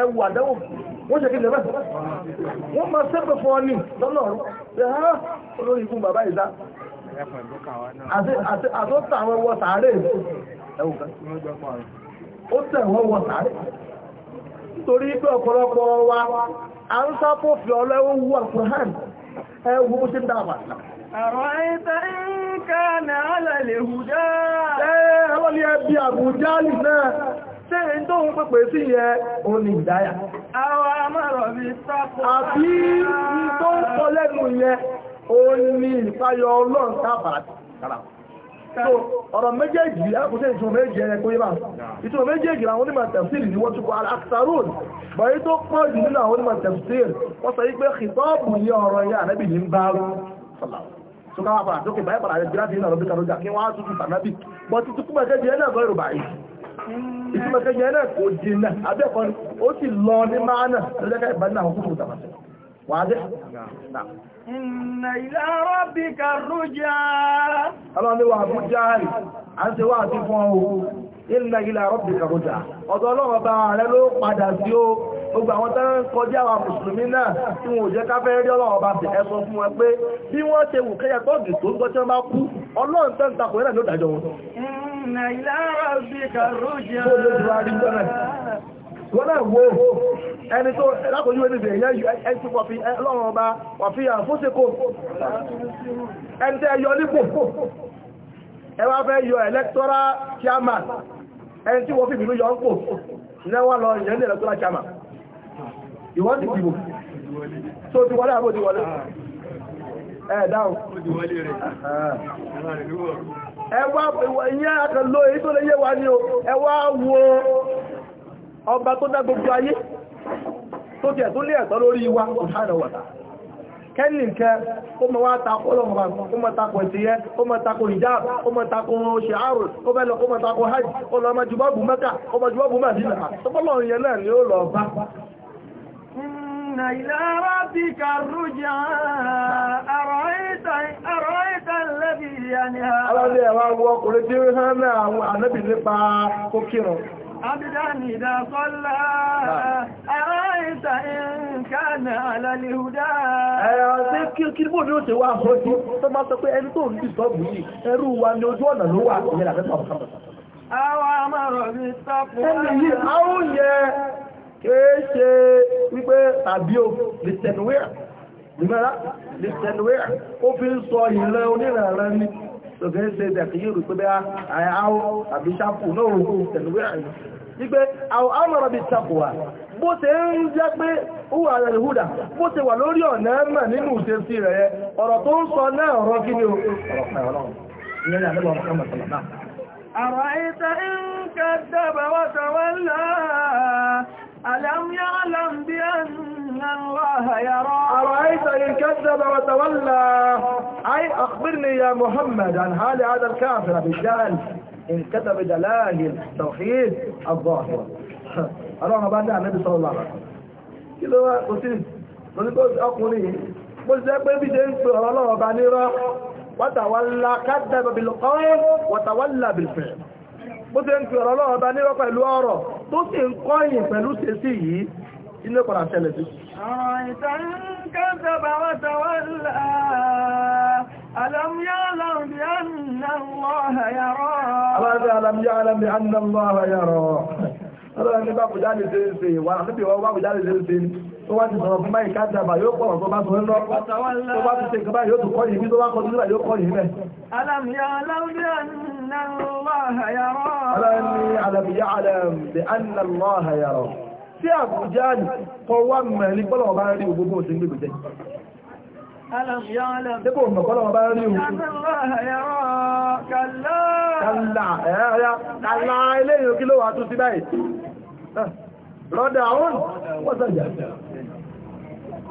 Ewu àdánwò wọ́n ṣe kí wọ́n máa sẹ́pẹ̀ fún lọ́nà ọ̀rọ̀ ṣe há ikú bàbá ìdá àtọ́tà àwọn ẹwọ sàárè ó tẹ̀wọ́ wọ nítorí pé ọ̀pọ̀lọpọ̀ wa a ń sápò fi ọlọ́wọ́ wú àkùrán ẹwù bó ṣe ń ṣe èyí tó ń pèpè sí yẹ òun ni ìdáyà. Àwọn amọ̀rọ̀ mi sápò. Àbí ní tó ń kọ lẹ́nu yẹn, òun ni ìpayọ ọlọ́run sábàrà kàrà. So ọ̀rọ̀ méjèèjì lákòóso ìtumọ̀ méjèèjì ẹ̀rẹ́ kó yé bá. Ìtumọ̀ méjèèjì làwọn onímọ̀ tẹ̀síìlì ni wọ́n tún kọ al-aksarun. Bọ̀yí tó pọ̀ jù nínú àwọn onímọ̀ tẹ̀síìlì, wọ́n sọ wípé kìtọ́ọ̀bù ní ọ̀rọ̀ yẹn ànábì ní ń bá rú. Sọlá. Sọlá ìtumẹ̀kẹ́jẹ́ náà kò jìnà abẹ́kọ̀ọ́ ó sì lọ ní máa náà lọ́jọ́ Inna ila rabbika rújá. Ọlọ́run ni wà fún jáàrì, a ń ṣe wà sí fún ọwọ́. Inna ila rabbika rújá. Ọ̀dọ̀ ọlọ́run bá rẹ ló padà sí ó. Gbogbo àwọn tán kọjá àwọn Mùsùlùmí náà tí wọn ò jẹ́ ká fẹ́ rí ọlọ́run bá ti ẹsọ fún wọn pé bí wọ́n ṣe wù kẹ́yẹ tọ́ọ̀gì tó ń gbọ́ tí wọ́n bá kú, ọlọ́run tẹ́ ń takò yẹ́nà ló dájọ́ wọn. Inna ila rabbika rújá. wọ́n náà wo ẹni tó lákòójú ẹni bẹ̀rẹ̀ yẹ́ ẹ̀sùn wọ̀fí ẹni tẹ́ yọ nípò ẹ fẹ́ yọ electoral chairman ẹni tí wọ́n fi ìbínú yọ ń lẹ́wọ́n lọ ìyẹn ní electoral chairman ìwọ́n ti dìbò tó ti wọlé àbò ti wọlé ẹ̀ dáhùn ẹwà ìyẹn èyí tó wa ẹwà wo ọba tó dá gbogbo ayé tó jẹ́ tó lé ẹ̀tọ́ lórí wa ọ̀hánàwàtà kẹ́lì kẹ́ ó mọ́ wá takó lọ́wọ́n ó mọ́ takó ìtìyẹ́ ó mọ́ takó hijab ó mọ́ takó ṣe'arò ó bẹ́ lọ ó mọ́ takó hajj ó ni ọmọjúbọ́bù mẹ́ta ọmọjúbọ́bù mẹ́ta tó bọ́lọ̀ ìyẹn náà ni ó lọ bá إن إلى ربك الرجع أرأيت أرأيت الذي ينهى عبدا إذا صلى أرأيت إن كان على الهدى kí bó ní ó wá ọjú tó máa sọ pé ẹni tó ń bí sọ́bù yìí ẹrú wa ní ojú ọ̀nà ló wà ìyẹn àfẹ́sọ̀ ọ̀pọ̀lọpọ̀. àwọn a ó yẹ kìí ṣe tòkè ṣe tẹ̀kìyìrù pé bẹ́ àwọ̀ àbí ṣàpù náà tẹ̀lúwé àìyàn wípé àwọn àmọ̀rọ̀ bí tàkùwà bó ṣe ń jẹ́ pé òwà rẹ̀ húdà bó ṣe wà lórí ọ̀nà ẹ̀mà nínú ìṣesí rẹ̀ ọ̀rọ̀ tó ń sọ náà ọ̀rọ̀ kí ni ọ̀rọ̀ ألم يعلم بأن الله يرى أرأيت إن كذب وتولى أي أخبرني يا محمد عن حال هذا الكافر بالجهل إن كذب دلائل توحيد الظاهرة أرى بعد النبي صلى الله عليه وسلم kí قلت wá kò قلت له yìí mo ṣe pé bí ṣe ń pè ọ̀rọ̀ ọlọ́wọ́ bá nírọ́ bó ṣe ń fi ọ̀rọ̀ lọ́wọ́ bá nírọ́ pẹ̀lú ọ̀rọ̀ tó sì ń kọ́yìn pẹ̀lú ṣe sí yìí inú padà ṣẹlẹ̀ sí. ọ̀rọ̀ ti sọ̀rọ̀ fún báyìí káàtì àbà yóò pọ̀rọ̀ tó bá sọ ń lọ tó ti ṣe ìkọ́bá yóò tún kọ́ yìí bí tó bá kọ́ Tí àbújá nì kọ wá mẹ́rin pọ́lọ̀ bá rí ògbógbó òsìn gbègbè jẹ́. Débò mọ̀ pọ́lọ̀ bá rí ògbógbó. Kàlá ẹ̀yà kàlá ilé ìròkí ló wà tún sí báyìí. Rọ́dà òun, wọ́n sàjà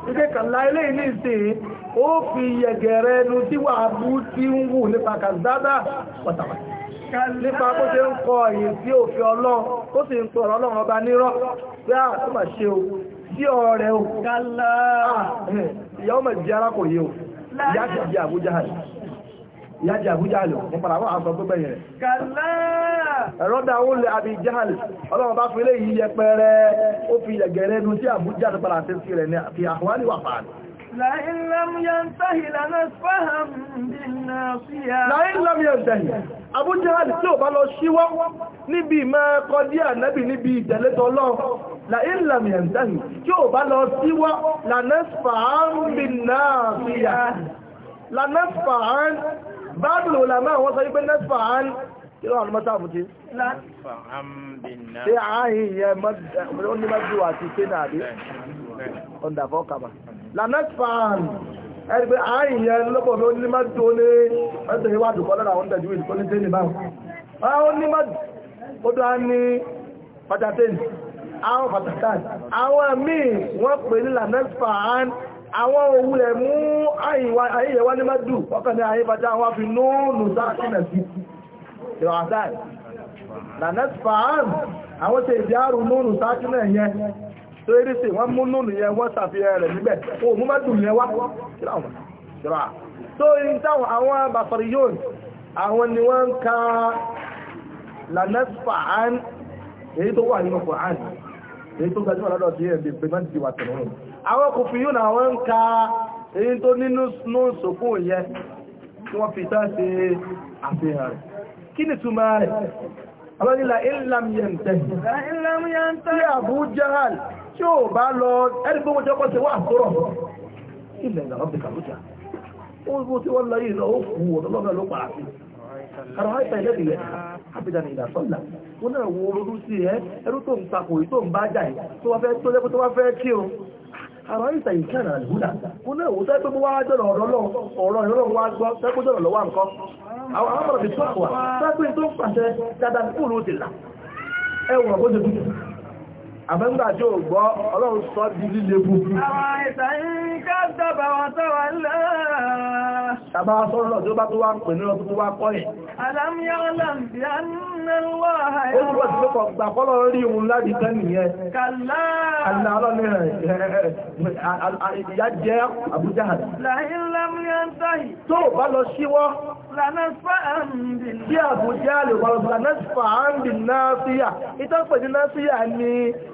ìké kàlá ilé ilé ìsìn ó fi yẹ̀gẹ̀rẹ̀ ẹnu tí wà bú tí ń wù nípa kàzádà pàtàkì nípa bó ṣe ń kọ èyí sí òfin ọlọ́run ó sì ń pọ̀rọ̀ ọlọ́run ọba nírọ́ pé à ah, ṣe o sí ọ̀rẹ́ o kálá ah, ìyá ọmọ ìjì arákùnrin o ìyá àti àbújá rẹ̀ ìyájẹ́ àbújáàlù ní pàdàwọ́ àwọn ọ̀sán tó bẹ̀yẹ̀ rẹ̀. kàlá ẹ̀rọ́dà ó lè àbí jáàlù ọlọ́run bá fílé yìí yẹ pẹ́rẹ ó fi yẹ̀gẹ̀rẹ́ inú tí àbújáàlù padà sí sí rẹ̀ fi àwárí wà pàdé لئن لم ينتهي لنسفها بالناصية tí ó bá lọ ṣíwọ́ níbi máa kọjú ànábì níbi ìtẹ̀lẹ́tọ̀ ọlọ́run لئن لم ينتهي tí ó bá lọ ṣíwọ́ لنسفها بالناصية لنسفها báàbùlù olàmọ́ àwọn sọ wípé nẹ́sùfà án kílọ̀ àwọn mọ́sáàbù tí ṣe àáyìn yẹ onímọ́jú àti ṣe náà rí ọ̀dàfọ́ kàbà lànẹ́sùfà án ẹni pé àáyìn yẹ lọ́pọ̀ mi onímọ́jú ní ẹ̀sẹ̀ ìwádìí kọ́ lọ́dà àwọn tẹ̀jú ìlú kọ́lé tẹ́lẹ̀ báwọn onímọ́jú ó dá ní pàtàkì àwọn pàtàkì àwọn míì wọ́n pè ní lànẹ́sùfà àwọn òun lẹ̀ mú ayíyẹwà ní mẹ́dù ọkàn ní ayébájá wọ́n fi nóònù sáàkínà sí ìrọ̀sáì lànẹ́sfàán àwọn tẹ ìdíárù nóònù sáàkínà yẹn tó eré sí wọ́n mú nóònù yẹn wọ́n sàfihàn rẹ̀ níbẹ̀ òun tó yí táwọn àwọn ka èyí tó wà nínú kòrán èyí tó gbajúmọ̀ lọ́dọ̀ sí ẹ̀ àwọn kò fi yún àwọn ń ka èyí tó nínú sókún yẹ tí wọ́n fi tán ṣe àfihàn rẹ̀ kí ni túnmà rẹ̀ alọ́nilà ìlàm yẹntẹ̀ tí Abu Jahal tí ó bá lọ ẹni gbogbo jẹ́ pọ́ sí wà sọ́rọ̀ ilẹ̀ ìlànà ọ̀bẹ̀ kàlújà ó tí wọ́n lọ yìí lọ ó kú ọ̀dọ́lọ́gbẹ̀ ló pàá sí kàrọ̀háìtà ilẹ̀ ìlẹ̀ àbìdàn ìdàsọ́là ó náà wo orú sí ẹ ẹrú tó ń takò yìí tó ń bá jà yìí tó wá fẹ́ tó lẹ́kọ́ tó wá fẹ́ kí o àwọn ìsà ìkẹ́rà àlùdà kú náà wò sẹ́pẹ́ mú wá jọ̀rọ̀ ọ̀rọ̀ lọ ọ̀rọ̀ ìrọ̀lọ́ wa gbọ́ sẹ́pẹ́ jọ̀rọ̀ lọ́wọ́ nǹkan àwọn ọmọ rẹ̀ tó wà sẹ́pẹ́ tó pàṣẹ dáadáa kúrò ó àbẹ́gbà tí ó gbọ́ ọlọ́run sọ di líle búburú. àwọn ìsànyí ká dábà wọn sọ́wọ́ lọ́rọ̀. tàbá sọ́rọ̀ tí ó bá tó wá ń pè ní ọdún tó wá kọ́ yìí. àlàmíyàn làǹdí á ń náwó àyà. ó túbọ̀ sí pẹ́kọ̀ gbà kọ́lọ̀ rí òun láti tẹ́ nìyẹn. kàlá. àlà ọlọ́ni ìyá jẹ́ àbújá. làyín lámíyàn táyì. tó o bá lọ síwọ́. lànàfà àǹdì. tí àbújá lè wà lànàfà àǹdì náà síyà. ìtọ́pẹ̀ ní náà síyà ni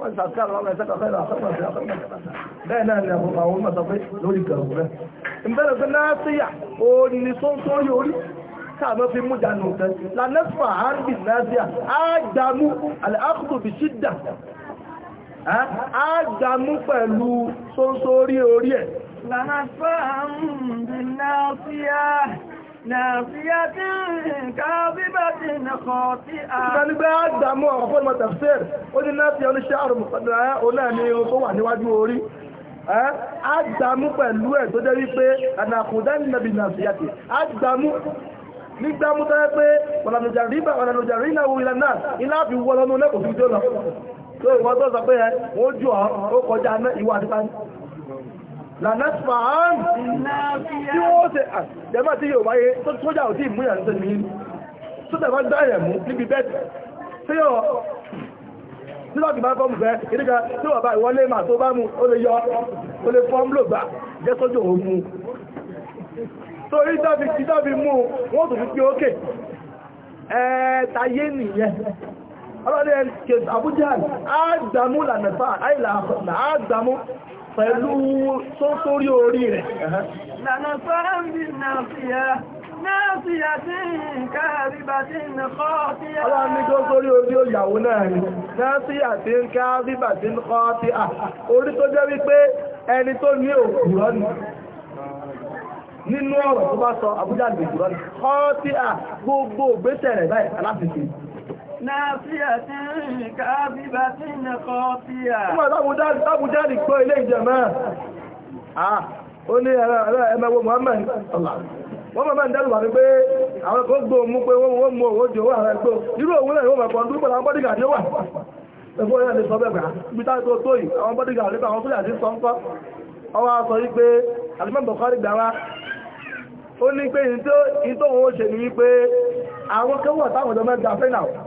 wọ́n sàkàrà ọmọ ẹ̀sẹ̀ kọ̀ọ̀kan ìlà àtọ́kùnrin fi mú dànù tẹ́ lànẹ́fà àárbì náà sí yà á dàmú àlẹ́àkùtù bí ṣídà á dàmú pẹ̀lú sóńsó orí orí ẹ̀ lànẹ́fà àárbì náà Nàfíyàtí kàbíbàtí nà kọ̀ tí a. Ìgbàni gbé àdàmú ọ̀rọ̀ fún ọmọ tafsir, ó ní náà fi oníṣẹ́ àrùn mùsàdára ó náà ní ohun tó wà níwájú orí. Àdàmú pẹ̀lú ẹ̀ tó jẹ́ wípé ànàkùdá nàbì nàfíyàtí. Àdàmú nígbà mú tọ́rẹ pé ọ̀nàdọ̀jà rí náà wo ilẹ̀ náà ilá fi wọ́ lọ́nà lẹ́kọ̀ọ́ fi jó lọ. Tó ìwọ́n tó sọ pé ẹ, wọ́n jù ọ́, ó kọjá ìwà àdúgbà lànàtìmà án tí wọ́n ṣe àjẹ́mà tí yóò wáyé tó sójà ò tí ìmúyà ń sẹ́mi tó tẹ̀fà dáyẹ̀ mú níbi bẹ́ẹ̀tì tí yóò sílọ́ọ̀kì bá fọ́mù fẹ́ ìdíkà tí wọ́n bá ìwọlé mà tó bá mú ó lè yọ ó lè fọ́m lò jẹ́ sójò ó mú pẹ̀lú tó sórí orí rẹ̀ lànà fẹ́rẹ́mì náà fi ẹ́ náà fi ẹ́ tí nǹkan àríbà tí ń kọ́ tí a ọlọ́run ní tó sórí orí òyàwó náà rí náà fi àti nǹkan àríbà tí ń kọ́ tí à orí tó jẹ́ wípé ẹni tó ní òkúrọ́ ni nínú ọ̀rọ̀ tó bá sọ àbújá lè jùlọ ní kọ́ tí à gbogbo ògbésẹ̀ rẹ̀ báyìí aláfíṣe Nàfíàtín káàbíbátín kọ́ọ̀tíà. Ó máa tábùjáàdì pọ́ ilé ìjẹ̀mọ́. Ah, ó ní ẹmẹ́wọ́ Mọ́hàmẹ́d. Ah, tó tó yìí, àwọn bọ́dìgà àwọn fúlẹ̀ àti sọ ń a sọ yí pé ó ní pé ìtò òun ó ṣe ní wípé àwọn táwọn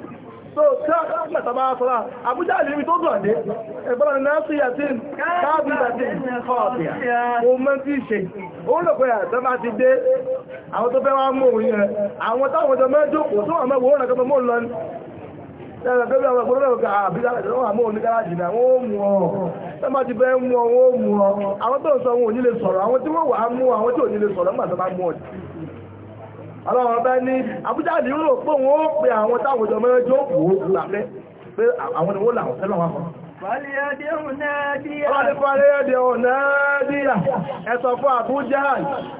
so káàkiri bá sọ́lá àbújá ìlérí tó dùn àdé ẹ̀bọ́n ni náà sí yàtín káàbí yàtín kọ́ọ̀tìyà o mọ́ tí ṣe òun lọ pé àtọ́ bá ti dé àwọn tó fẹ́ wá mú òun yẹn àwọn táwọn ọjọ́ mẹ́jọ kò tó wà mẹ́wọ́ òun àkọ́kọ́ mọ́ lọ ní ẹ̀rọ gẹ́gẹ́ àwọn ọgbọ̀n lọ́wọ́ àbíjá àwọn aláwọ̀ bá ní Àbújá ní rò pé wọ́n pe àwọn táwọn ìjọmọ́ ẹjọ́ òwò làfẹ́ pé àwọn ìwò làwọn fẹ́ lọ́wọ́ kan Fọ́lẹ́dẹ̀ ọ̀nàdíyà ẹ̀sọ̀ fún Àbújá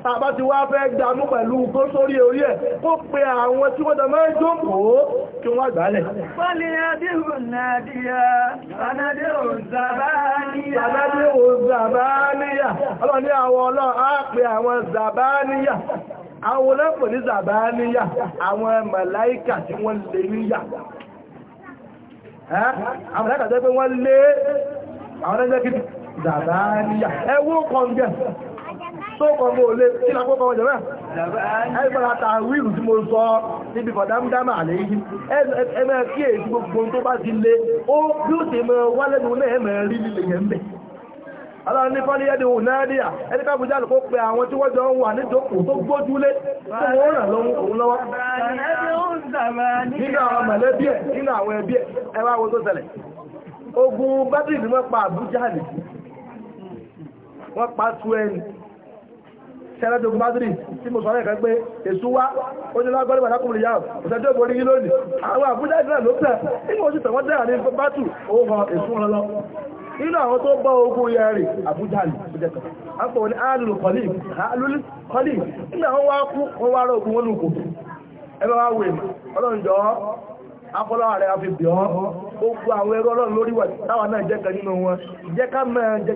tàbá ti wá fẹ́ gbàmú pẹ̀lú kó sórí orí ẹ̀ kó pe àwọn tí wọ́n dẹ̀mọ́ ìjókòó kí wọ́n gbálẹ̀. Fọ́lẹ́dẹ̀ ọ̀nàdíyà ọ̀nàdẹ̀ òzàbáníyà ọlọ́ àwọn olóòpò ní sàbá níyà àwọn màláìkà tí wọ́n lè níyà àwọn màláìkà tó pé wọ́n lé àwọn ẹgbẹ́ kìtì sàbá níyà ẹwọ́ kọ̀ǹgẹ̀ tó kọ̀ǹgẹ̀ ò lè kí lápò kọ̀ǹgẹ̀ jẹ́ mẹ́rin ẹgbẹ́ àtàwí ìlú tí mo sọ aláwọn ní fọ́lẹ̀ yẹ́dẹ̀ òun náà díà ẹni ká bùjá lùkó pẹ àwọn tí wọ́n jọ ń wà ní ìjókòó tó gbójúlé tó wọ́n rà lọ́wọ́ lọ́wọ́ nínú àwọn mẹ̀lẹ́bí ẹ̀ nínú àwọn ẹbí ẹ̀ ẹwà wo tó ṣẹlẹ̀ ogun bádìrì wọ́n pa àbújá nì wọ́n pa tú ẹni ṣẹlẹ́dẹ̀ ogun bádìrì tí mo sọ̀rọ̀ ẹ̀kẹ́ nínú àwọn tó bá ogun ya rẹ̀ àbújá lè jẹ́kọ̀ apọ̀ ní ààrùn kọlì kọlì nínú àwọn wá kú wọ́n wá rọ ogun wọn ẹgbẹ́ wá wè ọlọ́njọ́ akọ́lọ́ ààrẹ afẹ́bìọ́ gbogbo àwọn ẹrọ ọlọ́run lórí wà táwọn náà jẹ́kọ̀ nínú wọn jẹ́ ká máa jẹ́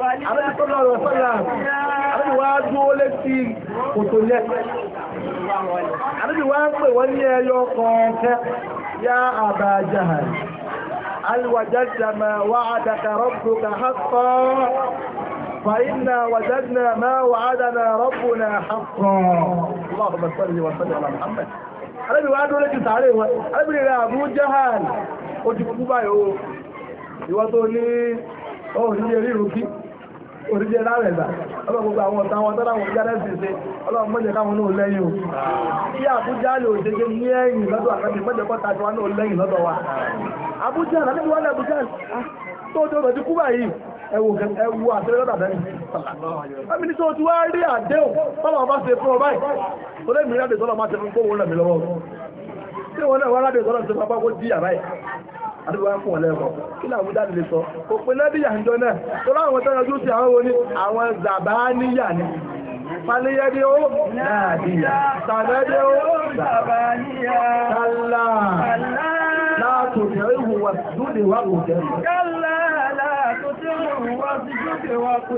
Àdúbì wá ń pè wọ́n ní ẹyọ kọ̀ọ̀kẹ́ yá àbà jahal. Alwàjájá ma wà àdàkà rọ́bù ka hàkọ́, fàínà wàjájá ma wà àdàkà rọ́bù na hàkọ́. Allahumma salli wa salli ala Muhammad. Àdúbì wá dúró lẹ́jù sàárè wọn, àdúbì rẹ̀ àbú jahal, ó ti kú báyìí ó, ìwọ́n tó ní ọ̀hún ní eré rúkí oríṣẹ́ láàrẹ̀ gbà ọlọ́gbogbo àwọn ọ̀tá wọn tọ́lá wọn jáde sí ṣe ọlọ́run mọ́jẹ̀ káwọn náà lẹ́yìn o kí àbújá lè òṣèṣe ní ẹ̀yìn lọ́dọ̀ àkàtì mọ́jẹ̀ kọ́ tàbí wọn náà lẹ́yìn lọ́dọ̀ wa àbújá àti wọn àbújá tó tó rọ̀ ti kú báyìí ẹwù ẹwù àtẹ́lẹ́lọ́dà bẹ́ẹ̀ ẹ̀mí ní tó tí wá rí àdéhùn tọ́lọ̀ bá ṣe fún ọ báyìí tó lé mìíràn dè tọ́lọ̀ máa ṣe fún kó wọn lẹ̀mí lọ́wọ́ àdúgbò fún ọ̀lẹ́mọ̀ kí làwọn jáde sọ òpin lẹ́bíyà ń náà tó láwọn tó yanjú sí àwọn oní àwọn zàbá níyà ni falẹ́yẹ́dé ó nàdíyà sàbẹ́dé ó zàbá níyà kálá látòkè ìhù wà dúdè kálá látòkè wà kò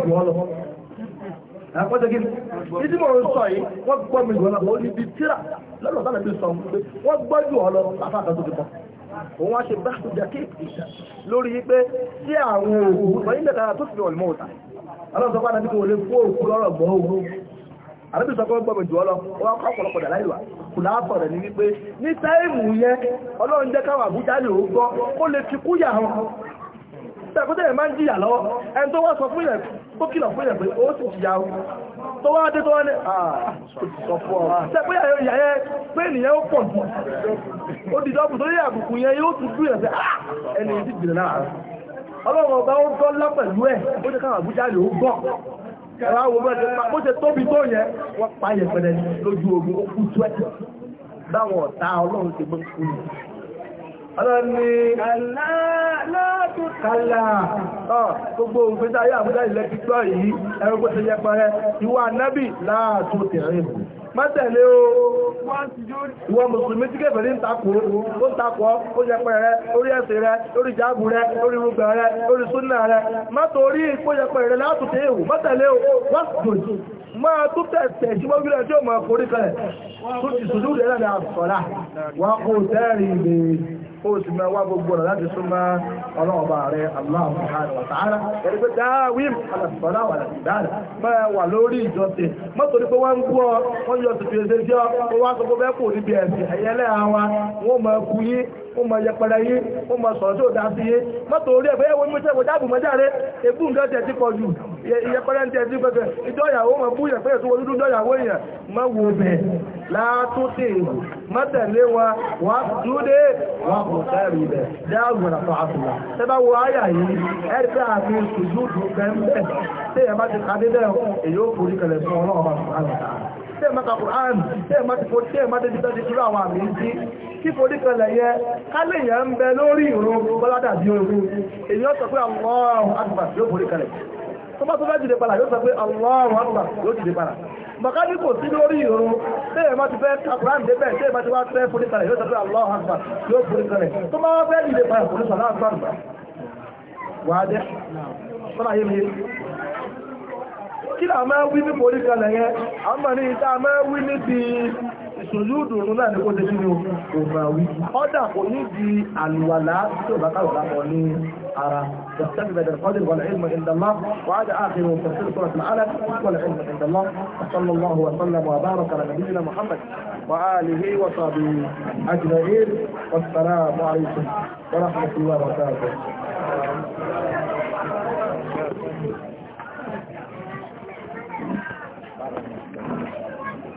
bẹ̀ ah. tí àpọ́tẹ́gí títí mọ̀ ń sọ yìí wọ́n gbọ́ mi lọ́nà ó níbi tíra lọ́nà tánà bí sọ pé wọ́n gbọ́ jù ọ lọ láfáàkà tó ti pọ̀ òun wá ṣe bá tó jẹ́ kéèkì lórí pé tí àwọn òkú wọ́n nílẹ̀ dára tó fi ọ̀lùmọ́ òta alọ́sọ pé anábí kò lè fún òkú lọ́rọ̀ gbọ́ òun àbíbí sọ pé ó gbọ́mọ̀ jù ọ lọ wọ́n kọ́ ọ̀pọ̀lọpọ̀ dà láìwà kù láàpọ̀ rẹ̀ ní wípé ní táìmù yẹn ọlọ́run jẹ́ káwọn àbújá lè ó gbọ́ kó lè fi kúyà hàn tẹ́kútẹ́ ẹ̀ máa ń jìyà lọ́wọ́ ẹni tó wá sọ fún tó kìlọ̀ fún pé ó sì o tó wá dé tó wá ní ààrẹ ah, ìyà yẹn pé ènìyàn ó pọ̀ jù ó dìde ọlọ́ni aláàlátùkàlà gbogbo òfíta ayé àmúdá ilẹ̀ gbígbọ́ yìí ẹ̀rọ pẹ́ tẹ́yẹ pẹ́rẹ ìwà nábì láàtò tẹ̀rẹ mọ́tẹ̀lé o ìwọ mùsùlùmí tí kèfèrí ń takò ó takò ó yẹpẹ rẹ orí ẹ̀sìn rẹ orí jágù rẹ orí rúgbà rẹ orí súnà rẹ mọ́tò orí ìpó yẹpẹ rẹ látùtẹ̀ èwù mọ́tẹ̀lé o wọ́n máa tó tẹ̀tẹ̀ ìṣíwọ́ wílẹ̀ tí ó mọ̀ forí kalẹ̀ tó ti sùdúrẹ̀ lẹ́nà àbùsọ̀lá wọn kó o wá gbogbo ọ̀nà láti súnmọ́ ọlọ́ọ̀bà rẹ̀ Allah subhanahu wa ta'ala ẹni pé dáwìm alàsọ̀rọ̀ àwọn àdìdáàlà máa wà lórí ìjọsìn mọ́tò ní ó máa yẹpẹrẹ yín ó ma sọ̀rọ̀ tí ò dá sí yín mọ́tò orí ẹ̀fẹ́ ẹ̀wọ̀n mímú sẹ́wọ̀n dáàbò mọ́jà rẹ̀ ebú nǹkan tẹ̀ sí pọ̀ jù yẹpẹrẹ ń tẹ̀ sí pẹ̀fẹ̀ ìjọyàwó mọ̀ bú yẹpẹrẹ tó wọ́n dúdú jọyàwó èèyàn ma wo bẹ̀ látúntì ìlú má tẹ̀lé wọn wà dúdé wà kò tẹ́rì ibẹ̀ dáàbò nàfà àfùlà tẹ́ bá wo àyà yìí ẹ̀rí pé àfi sùdúdú bẹ́ẹ̀ bẹ́ẹ̀ tẹ́yẹ̀ bá ti kàdé bẹ́ẹ̀ èyí ó forí kẹlẹ̀ fún ọlọ́ọ̀bá sùn tẹ́ mẹ́ta Kùránì tẹ́ mẹ́tìfò tẹ́ mẹ́tìfò tẹ́ tìrọ àwọn àmì ìdí kí forí kẹlẹ̀ yẹ kálẹ̀yẹ ń bẹ lórí ìrun bọ́ládà bí ogun èyí ó sọ pé Allahu Akbar yóò forí kẹlẹ̀ tó bá tó bá jìde padà yóò sọ pé Allahu Akbar yóò jìde padà mọ̀ká ní kò sí lórí ìrun tẹ́yẹ̀ má ti fẹ́ Kùránì débẹ̀ tẹ́yẹ̀ má ti wá fẹ́ forí kẹlẹ̀ yóò sọ pé Allahu Akbar yé kí là máa wí ní borí kalẹ̀ yẹn a mọ̀ ní ìta máa wí níbi ìṣòjú ìdùnnú náà ní kó ṣe kí ni o máa wí kọ́dà kò ní di àlùwàlá tí ò bá káwọ̀ lápọ̀ ní ara يستمع بين القدر والعلم عند الله وعاد اخر تفسير سوره العلق والعلم عند الله وصلى الله وسلم وبارك على نبينا محمد واله وصحبه اجمعين والسلام عليكم ورحمه الله وبركاته